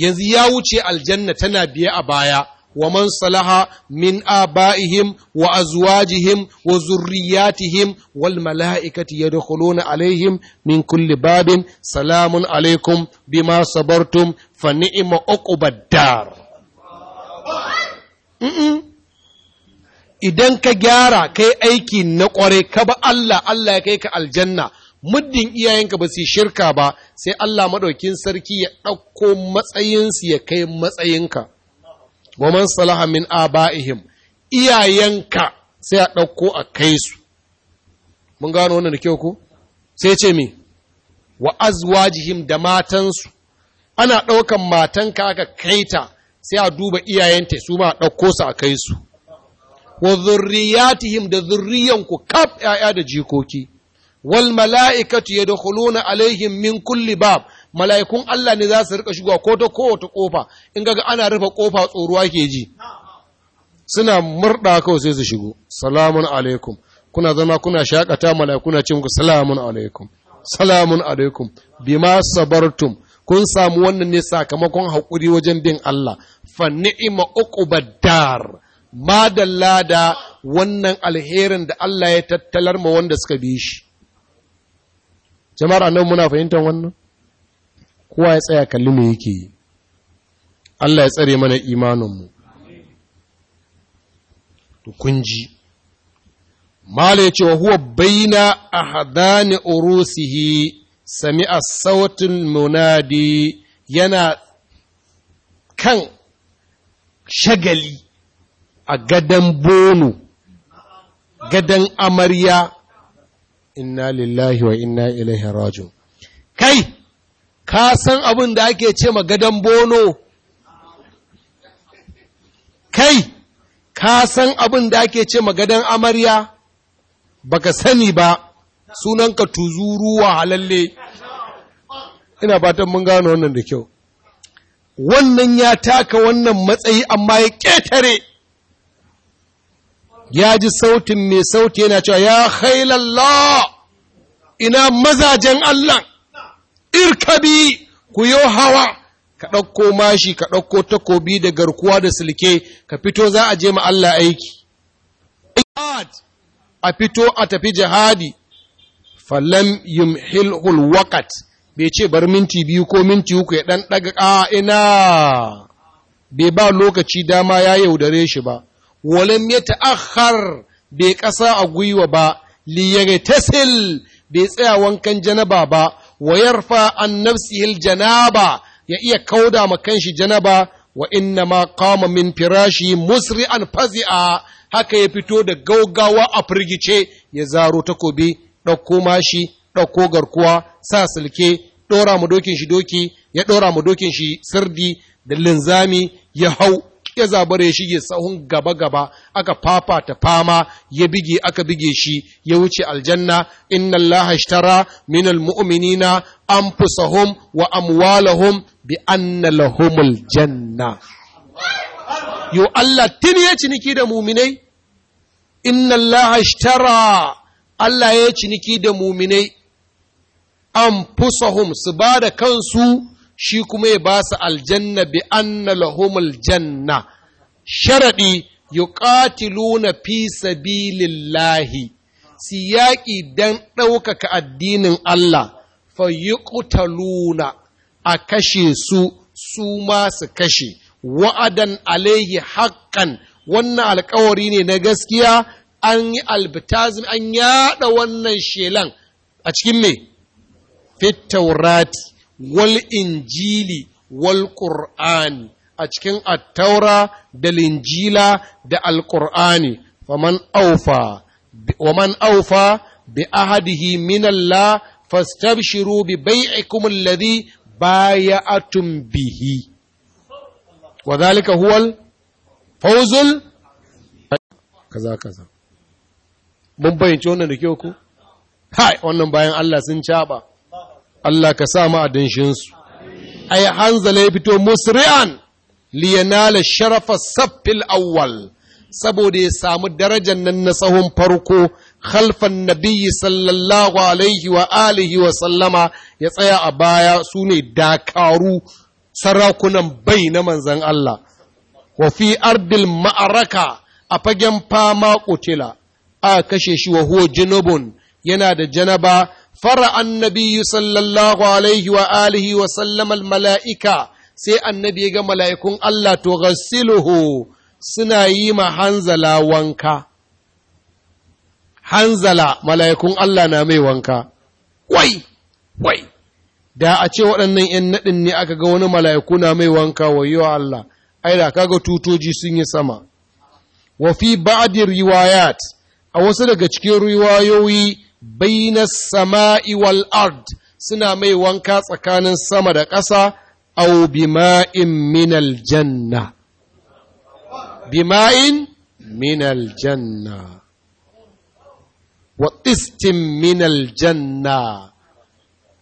Yanzu ya wuce aljanna tana biye a baya, wa man salaha min aba'ihim wa azwajihim wa zurriyatihim wal mala'ikati yadkhuluna alaihim min kulle babin salamun alaikum bima sabartum fa ni'ma uqubad dar. idan ka gyara kai aiki na ƙware ka ba Allah Allah ya kai ka aljanna muddin iyayenka ba su shirka ba sai Allah maɗaukin sarki ya ɗauko matsayinsu ya kai matsayinka wa man salaha min aba'ihim iyayenka sai a ɗauko a kai su mun gano wannan da kyau ko sai ce me wa azwajihim da matansu ana ɗaukan matanka aka kaita sai a duba iyayenta su ma a ɗauko su a kai su wa zurriyatihim da zurriyanku kaf ‘ya'ya da jikoki, wal mala'ikatu ya alaihim min kulli bab, mala'ikun Allah ne za su rika shigowa ko ta kowace kofa? in ga ana rufe kofa tsoruwa ke ji. Suna murɗa kawai sai su shigo, salamun alaikum, kuna zama kuna shakata mala'ikuna ce muku salamun alaikum, salamun alaikum, bima sabartum, kun samu wannan ne sakamakon haƙuri wajen bin Allah, fa ni'ima uqubad dar. Madalada da wannan alherin da Allah ya tattalar ma wanda suka bi shi jama'ar annabi muna fahimtar wannan kowa ya tsaya kalli me yake yi Allah ya tsare mana imaninmu to ji. mala ya ce wa huwa baina ahadani urusihi a sautin munadi yana kan shagali a gadan bono gadan amarya inna lillahi wa inna ilaihi rajiun kai ka san abin da ake ce ma gadan bono kai ka san abin da ake ce ma gadan amarya baka sani ba sunanka tuzuruwa halalle ina fatan mun gano wannan da kyau wannan ya taka wannan matsayi amma ya ƙetare ya ji sautin mai sauti yana cewa ya hailallah ina mazajen Allah irkabi ku yo hawa ka ɗauko mashi ka ɗauko takobi da garkuwa da silke ka fito za a je ma Allah aiki a fito a tafi jihadi falam yumhilhul waqat bai ce bar minti biyu ko minti uku ya ɗan ɗaga bai ba lokaci dama ya yaudare shi ba walam ya ta'akhar bai ƙasa a gwiwa ba liyare tasil bai tsaya wankan janaba ba wa yarfa an nafsihil janaba ya iya kauda ma kanshi janaba wa inna ma qama min firashi musri'an fazi'a haka ya fito da gaugawa a firgice ya zaro takobi ɗauko mashi ɗauko garkuwa sa silke ɗora mu dokin shi doki ya ɗora mu dokin shi sirdi da linzami ya hau ya shi ya shige sahun gaba-gaba aka ta fama ya bige aka bige shi ya wuce aljanna inna allaha ishtara min almu'minina anfusahum wa amwalahum bi anna lahumul janna yo Allah tuni ya ciniki da muminai inna allaha ishtara Allah ya ciniki da muminai anfusahum su ba da kansu shi kuma ya ba su aljanna bi anna lahumul janna sharadi yuqatiluna fi sabilillahi yaƙi dan ɗaukaka addinin Allah fa yuqtaluna a kashe su su ma su kashe wa'adan alaihi haqqan wannan alkawari ne na gaskiya an yi albitazin an yada wannan shelan a cikin mai fit taurati wal injili wal ƙur'ani a cikin attaura da linjila da Alƙur'ani wa man aufa bi ahadihi min Allah fastabshiru bi bai'ikum alladhi bay'atum bihi wa dhalika huwal fawzul kaza kaza mun bayyance wannan da ke ku kai wannan bayan Allah sun caba Allah ka sa ma ai hanzala ya fito musri'an liyanala sharafa saffil awwal saboda ya samu darajar nan na tsahon farko khalfan nabiyyi sallallahu alaihi wa alihi wa sallama ya tsaya a baya su ne dakaru sarakunan bai na manzan Allah wa fi ardil ma'araka a fagen fama kutila a kashe shi wa huwa jinubun yana da janaba fara annabi sallallahu alaihi wa wa sallamal mala'ika sai annabi ya ga mala'ikun Allah to ghassiluhu suna yi ma hanzala wanka hanzala mala'ikun Allah na mai wanka wai wai da a ce waɗannan ‘yan naɗin ne aka ga wani mala'iku na mai wanka wayo Allah ai kaga tutoji sun yi sama Wafi fi riwayat a wasu daga cikin riwayoyi baina sama'i wal ard suna mai wanka tsakanin sama da ƙasa au bima'in minal janna bima'in minal janna wa istin minal janna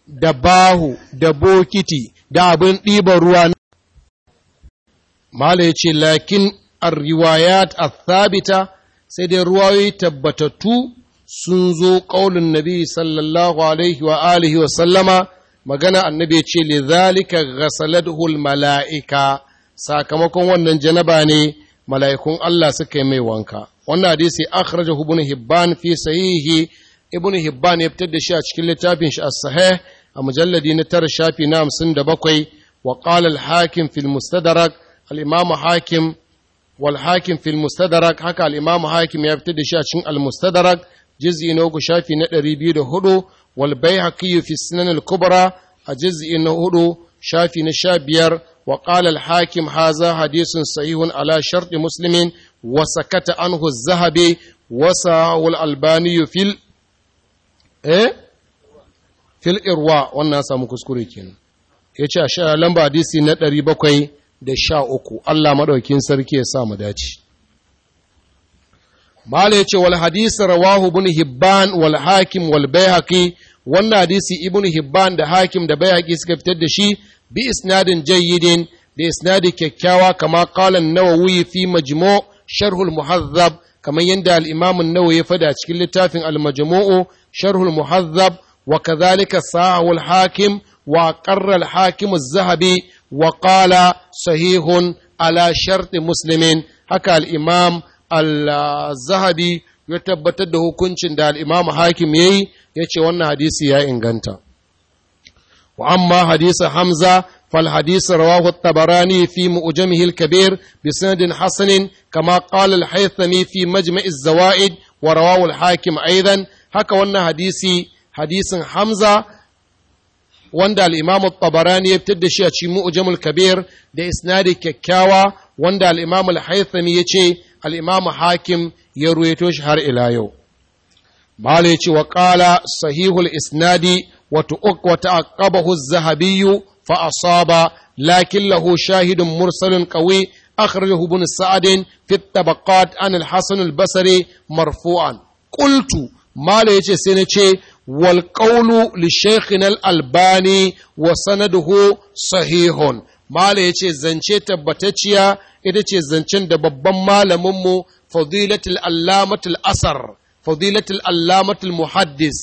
da bahu da bokiti da abin ɗiban ruwa na. ce, lakin a riwayat a sai dai ruwayoyi tabbatattu sun zo ƙaunin nabi sallallahu alaihi wa alihi wa sallama magana annabi ya ce lidhalika ghasaladhul mala'ika sakamakon wannan janaba ne mala'ikun Allah suka yi mai wanka wannan hadisi akhrajahu ibn hibban fi sahihi ibn hibban ya fitar da shi a cikin littafin shi as-sahih a mujalladi na tara shafi na 57 wa qala al-hakim fil mustadrak al hakim wal hakim fil mustadrak haka al hakim ya fitar da shi a cikin al-mustadrak juz'i na uku shafi na ɗari biyu da hudu wal baihaqi fi kubra a juz'i na hudu shafi na sha biyar Waƙalal hakim haza hadisun sahihun ala sharti muslimin wa sakata anhu az-zahabi fil eh? wannan kuskure kenan a sha lamba na ɗari bakwai da sha uku Allah maɗaukin sarki ya sa mu dace mala ya ce wal rawahu ibn hibban walhakim hakim wal bayhaqi wannan hadisi ibn hibban da hakim da bayhaqi suka fitar da shi bi isnadin jayyidin da isnadi kyakkyawa kama qala an-nawawi fi majmu' sharh al-muhazzab kamar yadda al-imam an-nawawi ya fada cikin littafin al-majmu' sharh al-muhazzab wa kadhalika sahu al-hakim wa qarra al-hakim az-zahabi wa qala sahihun ala shart muslimin haka al-imam al-zahabi ya tabbatar da hukuncin da al’imam hakim ya yi ya ce wannan hadisi ya inganta. amma hadisa hamza fal hadisa rawahu tabarani fi mu'jamihi al-kabir bi sanadin hasanin kama qala al fi majma'i az-zawaid wa rawahu al-hakim aidan haka wannan hadisi hadisin hamza wanda al-imam tabarani ya fitar da shi a cikin mu'jam al da isnadi kyakkyawa wanda al-imam al ya ce al'imamu hakim ya ruwaito shi har ila yau malai ce wa ƙala sahihul isnadi wata uku wata aqabahu zahabiyu fa asaba lakin lahu shahidun mursalin qawi akhrajahu ibn Sa'adin fi tabaqat an al-hasan al-basri marfu'an qultu malai yace sai na ce wal qawlu li shaykhina al-albani wa sanaduhu sahihun malai yace zance tabbatacciya ita ce zancen da babban malaminmu fadilatul allamatul asar fadilatul allamatul muhaddis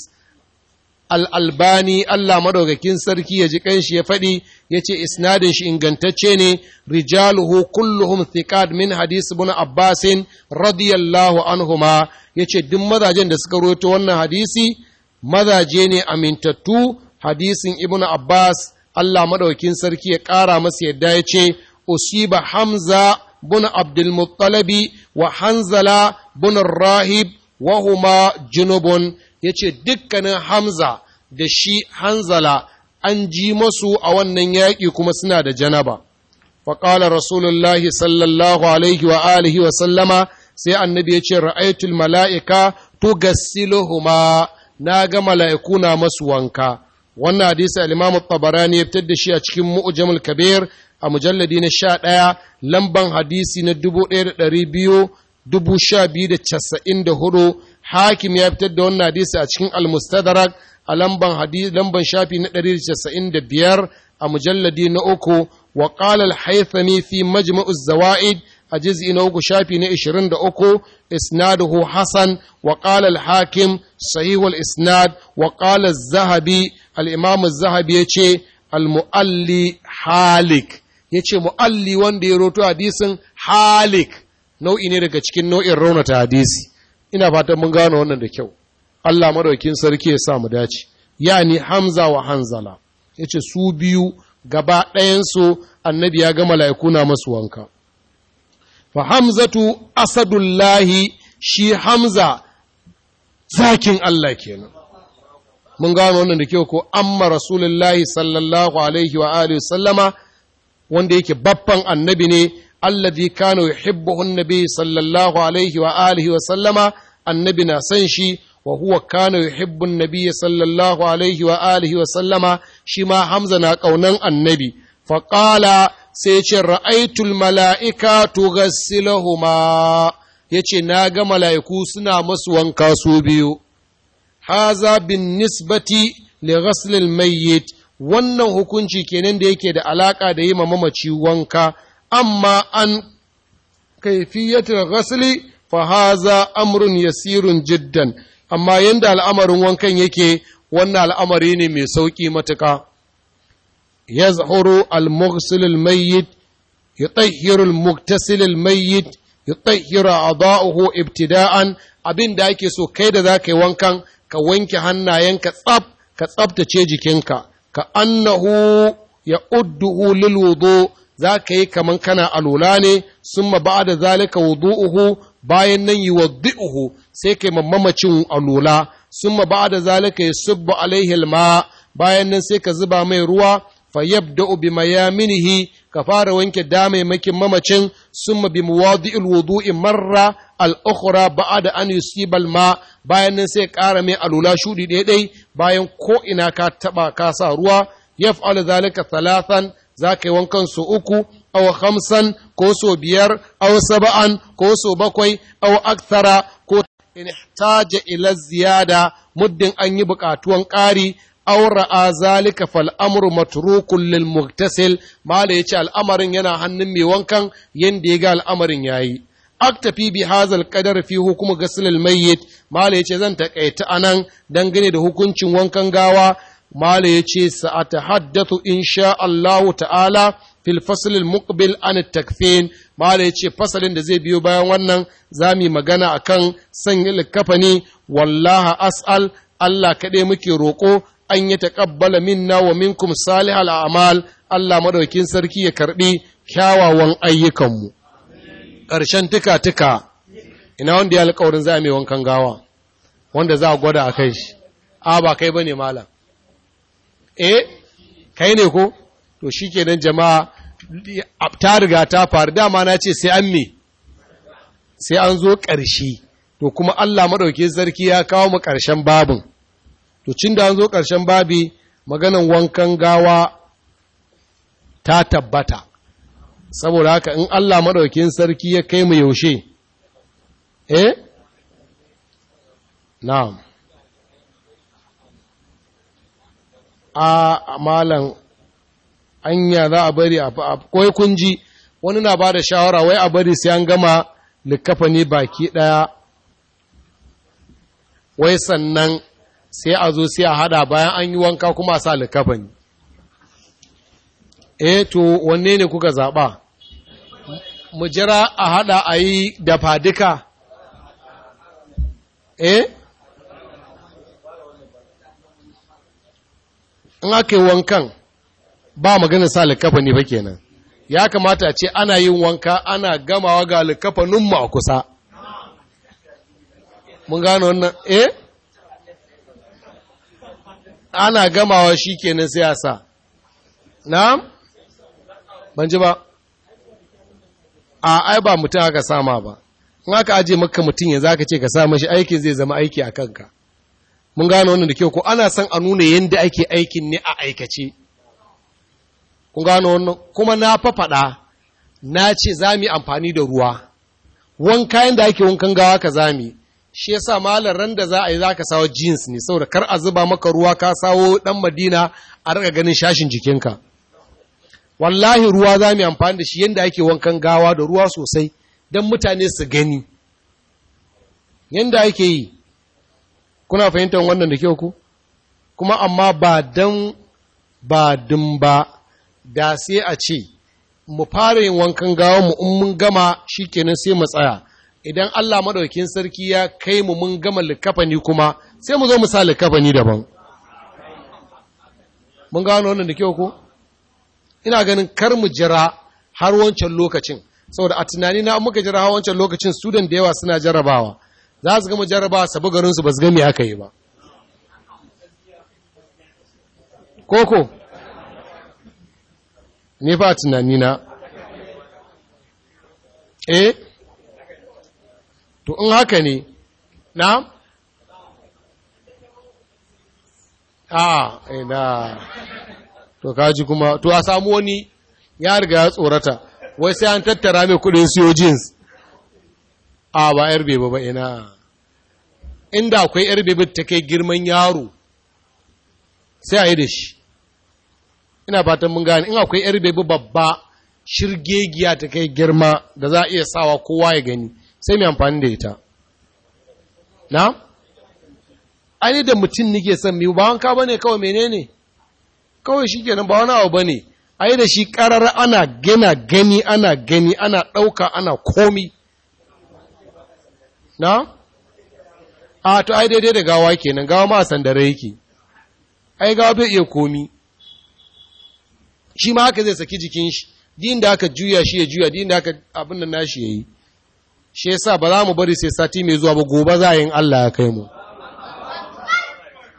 al'albani Allah madaukakin sarki ya ji kanshi ya faɗi ya ce isnadin shi ingantacce ne rijaluhu kulluhum thiqat min hadis ibn abbasin radiyallahu anhuma ya ce duk mazajen da suka roto wannan hadisi mazaje ne amintattu hadisin ibn abbas Allah madaukakin sarki ya ƙara masa yadda ya ce Usiba أصيب حمزة بن عبد المطلب وحنزلة بن الراهب وهما جنوب يتي Hamza da shi Hanzala an ji masu a wannan yaƙi kuma suna da janaba. Faƙalar Rasulullahi sallallahu alaihi wa wa sallama sai annabi ya ce ra'aitul mala'ika tu gassiluhuma na ga mala'iku na masu wanka. Wannan hadisi al-Imam ya fitar da shi a cikin Mu'jamul Kabir a mujalladi na sha ɗaya lamban hadisi na dubu ɗaya da ɗari biyu dubu sha biyu da casa'in da hudu hakim ya fitar da wannan hadisi a cikin almustadrak a lamban hadisi lamban shafi na ɗari da casa'in da biyar a mujalladi na uku wa qala al-haythami fi majmu'u zawaid a juz'i na uku shafi na 23 isnaduhu hasan wa qala al-hakim sahihul isnad wa qala zahabi al-imam zahabi yace al-mu'alli halik ya ce mu'alli wanda ya roto hadisin halik nau'i ne daga cikin nau'in raunata hadisi ina fatan mun gano wannan da kyau Allah madaukin sarki ya sa mu dace yani hamza wa hanzala ya ce su biyu gaba ɗayansu annabi ya gama mala'iku na masu wanka fa hamzatu asadullahi shi hamza zakin Allah kenan mun gano wannan da kyau ko amma rasulullahi sallallahu alaihi wa alihi sallama wanda yake babban annabi ne allazi kana yuhibbuhu annabi sallallahu alaihi wa alihi wa sallama annabi na san shi wa huwa kana yuhibbu annabi sallallahu alaihi wa alihi wa sallama shi ma hamza na kaunan annabi fa qala sai ce ra'aitul mala'ika tughassiluhuma yace na ga mala'iku suna masu wanka su biyu haza bin nisbati li ghaslil mayyit wannan hukunci kenan da yake da alaƙa da yi ma mamaci wanka amma an kaifiyatar ghasli fa haza amrun yasirun jiddan amma yadda al'amarin wankan yake wannan al'amari ne mai sauƙi matuƙa yazhuru al-mughsil al ya yutahhiru al-muktasil ya mayyit a a'da'uhu ibtida'an abin da ake so kai da zaka yi wankan ka wanke hannayenka tsab, ka tsabtace jikinka ka annahu ya udduhu lil wudu za ka yi kaman kana alula ne sun ma ba'ada zalika wudu'uhu bayan nan yi waddi'uhu sai kai mamacin alula sun ma ba'ada zalika ya subba alaihi ma bayan nan sai ka zuba mai ruwa fa yabda'u bi mayaminihi ka fara wanke damaimakin mamacin sun ma bi muwadi'il wudu'i marra al-ukhra ba'ada an yusiba ma bayan nan sai ƙara mai alula shuɗi ɗaiɗai bayan ko'ina ka taɓa ka sa ruwa ya yaf'alu zalika talatan, za ka yi wankan so uku aw hamsan ko so biyar aw saba'an ko so bakwai aw aktara ko in ihtaja ila ziyada muddin an yi buƙatuwan ƙari aw ra'a zalika fal amru matrukun lil mughtasil mala yace al'amarin yana hannun mai wankan yanda ya ga al'amarin yayi aktafi bi hazal kadar fi hukum ghusl mayyit mala yace zan takaita anan dangane da hukuncin wankan gawa mala yace sa atahaddathu insha allahu ta'ala fil fasl al muqbil an at takfin mala yace fasalin da zai biyo bayan wannan zamu magana akan sanya likafani wallahi as'al Allah kaɗai muke roƙo an yi taƙabbala minna wa minkum salihal a'mal Allah madaukin sarki ya karɓi kyawawan ayyukanmu. ƙarshen tuka-tuka ina wanda ya alƙawarin za a mai wankan gawa wanda za a gwada a kai shi a ba kai ba ne malam eh kai ne ko to shi kenan jama'a ta riga ta faru dama na ce sai an me sai an zo ƙarshe to kuma Allah maɗauki sarki ya kawo mu ƙarshen babin to cin da an zo ƙarshen babi maganan wankan gawa ta tabbata saboda haka in Allah maɗaukin sarki ya kai mu yaushe eh na'am a malam anya za a bari a koi kunji wani na bada shawara wai a bari sai an gama likafani baki ɗaya wai sannan sai a zo sai a hada bayan an yi wanka kuma a sa likafani eh to wanne ne kuka zaɓa mu jira a haɗa a yi dafa duka eh in aka yi wankan ba magana sa likafa ne ba kenan ya kamata ce ana yin wanka ana gamawa ga likafaninmu a kusa mun gano wannan eh ana gamawa shi kenan siyasa na? ban ba a ai ba mutum aka sama ba in aka aje maka mutum yanzu aka ce ka sa mashi aikin zai zama aiki a kanka mun gane wannan da kyau ko ana son a nuna yadda ake aikin ne a aikace kun gane wannan kuma na faɗa na ce za mu yi amfani da ruwa kayan da ake wankan gawa ka zami shi yasa malar ran da za a yi za ka sawo jeans ne saboda kar a zuba maka ruwa ka sawo dan madina a rika ganin shashin jikinka wallahi ruwa za mu amfani da shi yadda ake wankan gawa da ruwa sosai don mutane su gani yadda ake yi kuna fahimtar wannan da kyau ku kuma amma ba don ba don ba da sai a ce mu fara yin wankan gawa mu in mun gama kenan sai mu tsaya idan Allah maɗaukin sarki ya kai mu mun gama likafani kuma sai mu zo mu sa likafani daban mun gano wannan da kyau ku? ina ganin kar mu jira har wancan lokacin saboda a tunani na muka jira har wancan lokacin student da yawa suna jarabawa za su gama jarabawa sabu garin su ba su gami aka yi ba koko ne fa tunani na eh to in haka ne na a ah, ina to kaji kuma to a samu wani ya riga ya tsorata wai sai an tattara mai kudin siyo jins a ba yar bebe ba ina inda akwai yar bebe ta kai girman yaro sai a yi da shi ina fatan mun gane in akwai yar bebe babba shirgegiya ta kai girma da za a iya sawa kowa ya gani sai mai amfani da ita na? ai da mutum nike son mi ba wanka ba ne kawai menene kawai shi kenan ba wani abu ba ne ai da shi ƙarar ana gina gani ana gani ana ɗauka ana komi na? a to ai daidai da gawa kenan gawa ma a sandare yake ai gawa bai iya komi shi ma haka zai saki jikin shi din da aka juya shi ya juya din da aka abin da nashi ya yi shi yasa ba za mu bari sai sati mai zuwa ba gobe za a yin Allah ya kai mu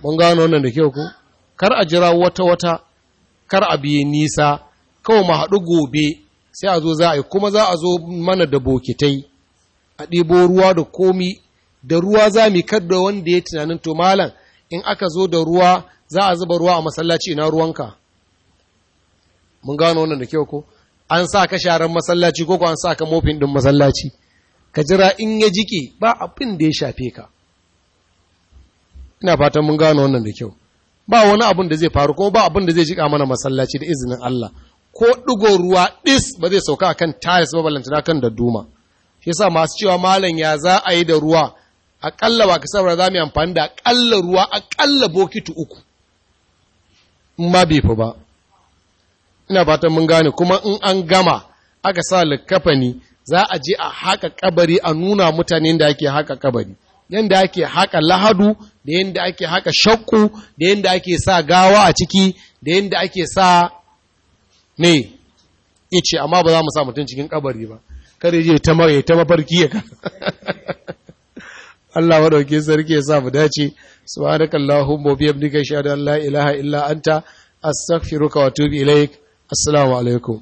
mun gano wannan da kyau ko kar a jira wata-wata kar a biye nisa kawai mu haɗu gobe sai a zo za a yi kuma za a zo mana da bokitai a ɗibo ruwa da komi da ruwa za mu kadda wanda ya tunanin to malam in aka zo da ruwa za a zuba ruwa a masallaci ina ruwanka mun gano wannan da kyau ko an sa ka sharan masallaci ko an sa ka mofin din masallaci ka jira in ya jike ba abin da ya shafe ka ina fatan mun gano wannan da kyau ba wani abun da zai faru ko ba abun da zai jika mana masallaci da izinin Allah ko ɗigo ruwa ɗis ba zai sauka akan tiles ba balantana kan da duma shi yasa masu cewa malam ya za a yi da ruwa aƙalla ba ka saboda za mu yi amfani da aƙalla ruwa aƙalla bokiti uku ma bai fi ba ina fatan mun gane kuma in an gama aka sa likkafani za a je a haƙa kabari a nuna mutane da ake haka kabari yanda ake haka lahadu da yanda ake haka shakku da yanda ake sa gawa a ciki da yanda ake sa ne ice amma ba za mu sa mutum cikin kabari ba kare je ta mara ta mafarki ya Allah wa dauke sarki ya sa mu dace subhanakallahumma wa bihamdika ashhadu an la ilaha illa anta astaghfiruka wa atubu ilaik assalamu alaikum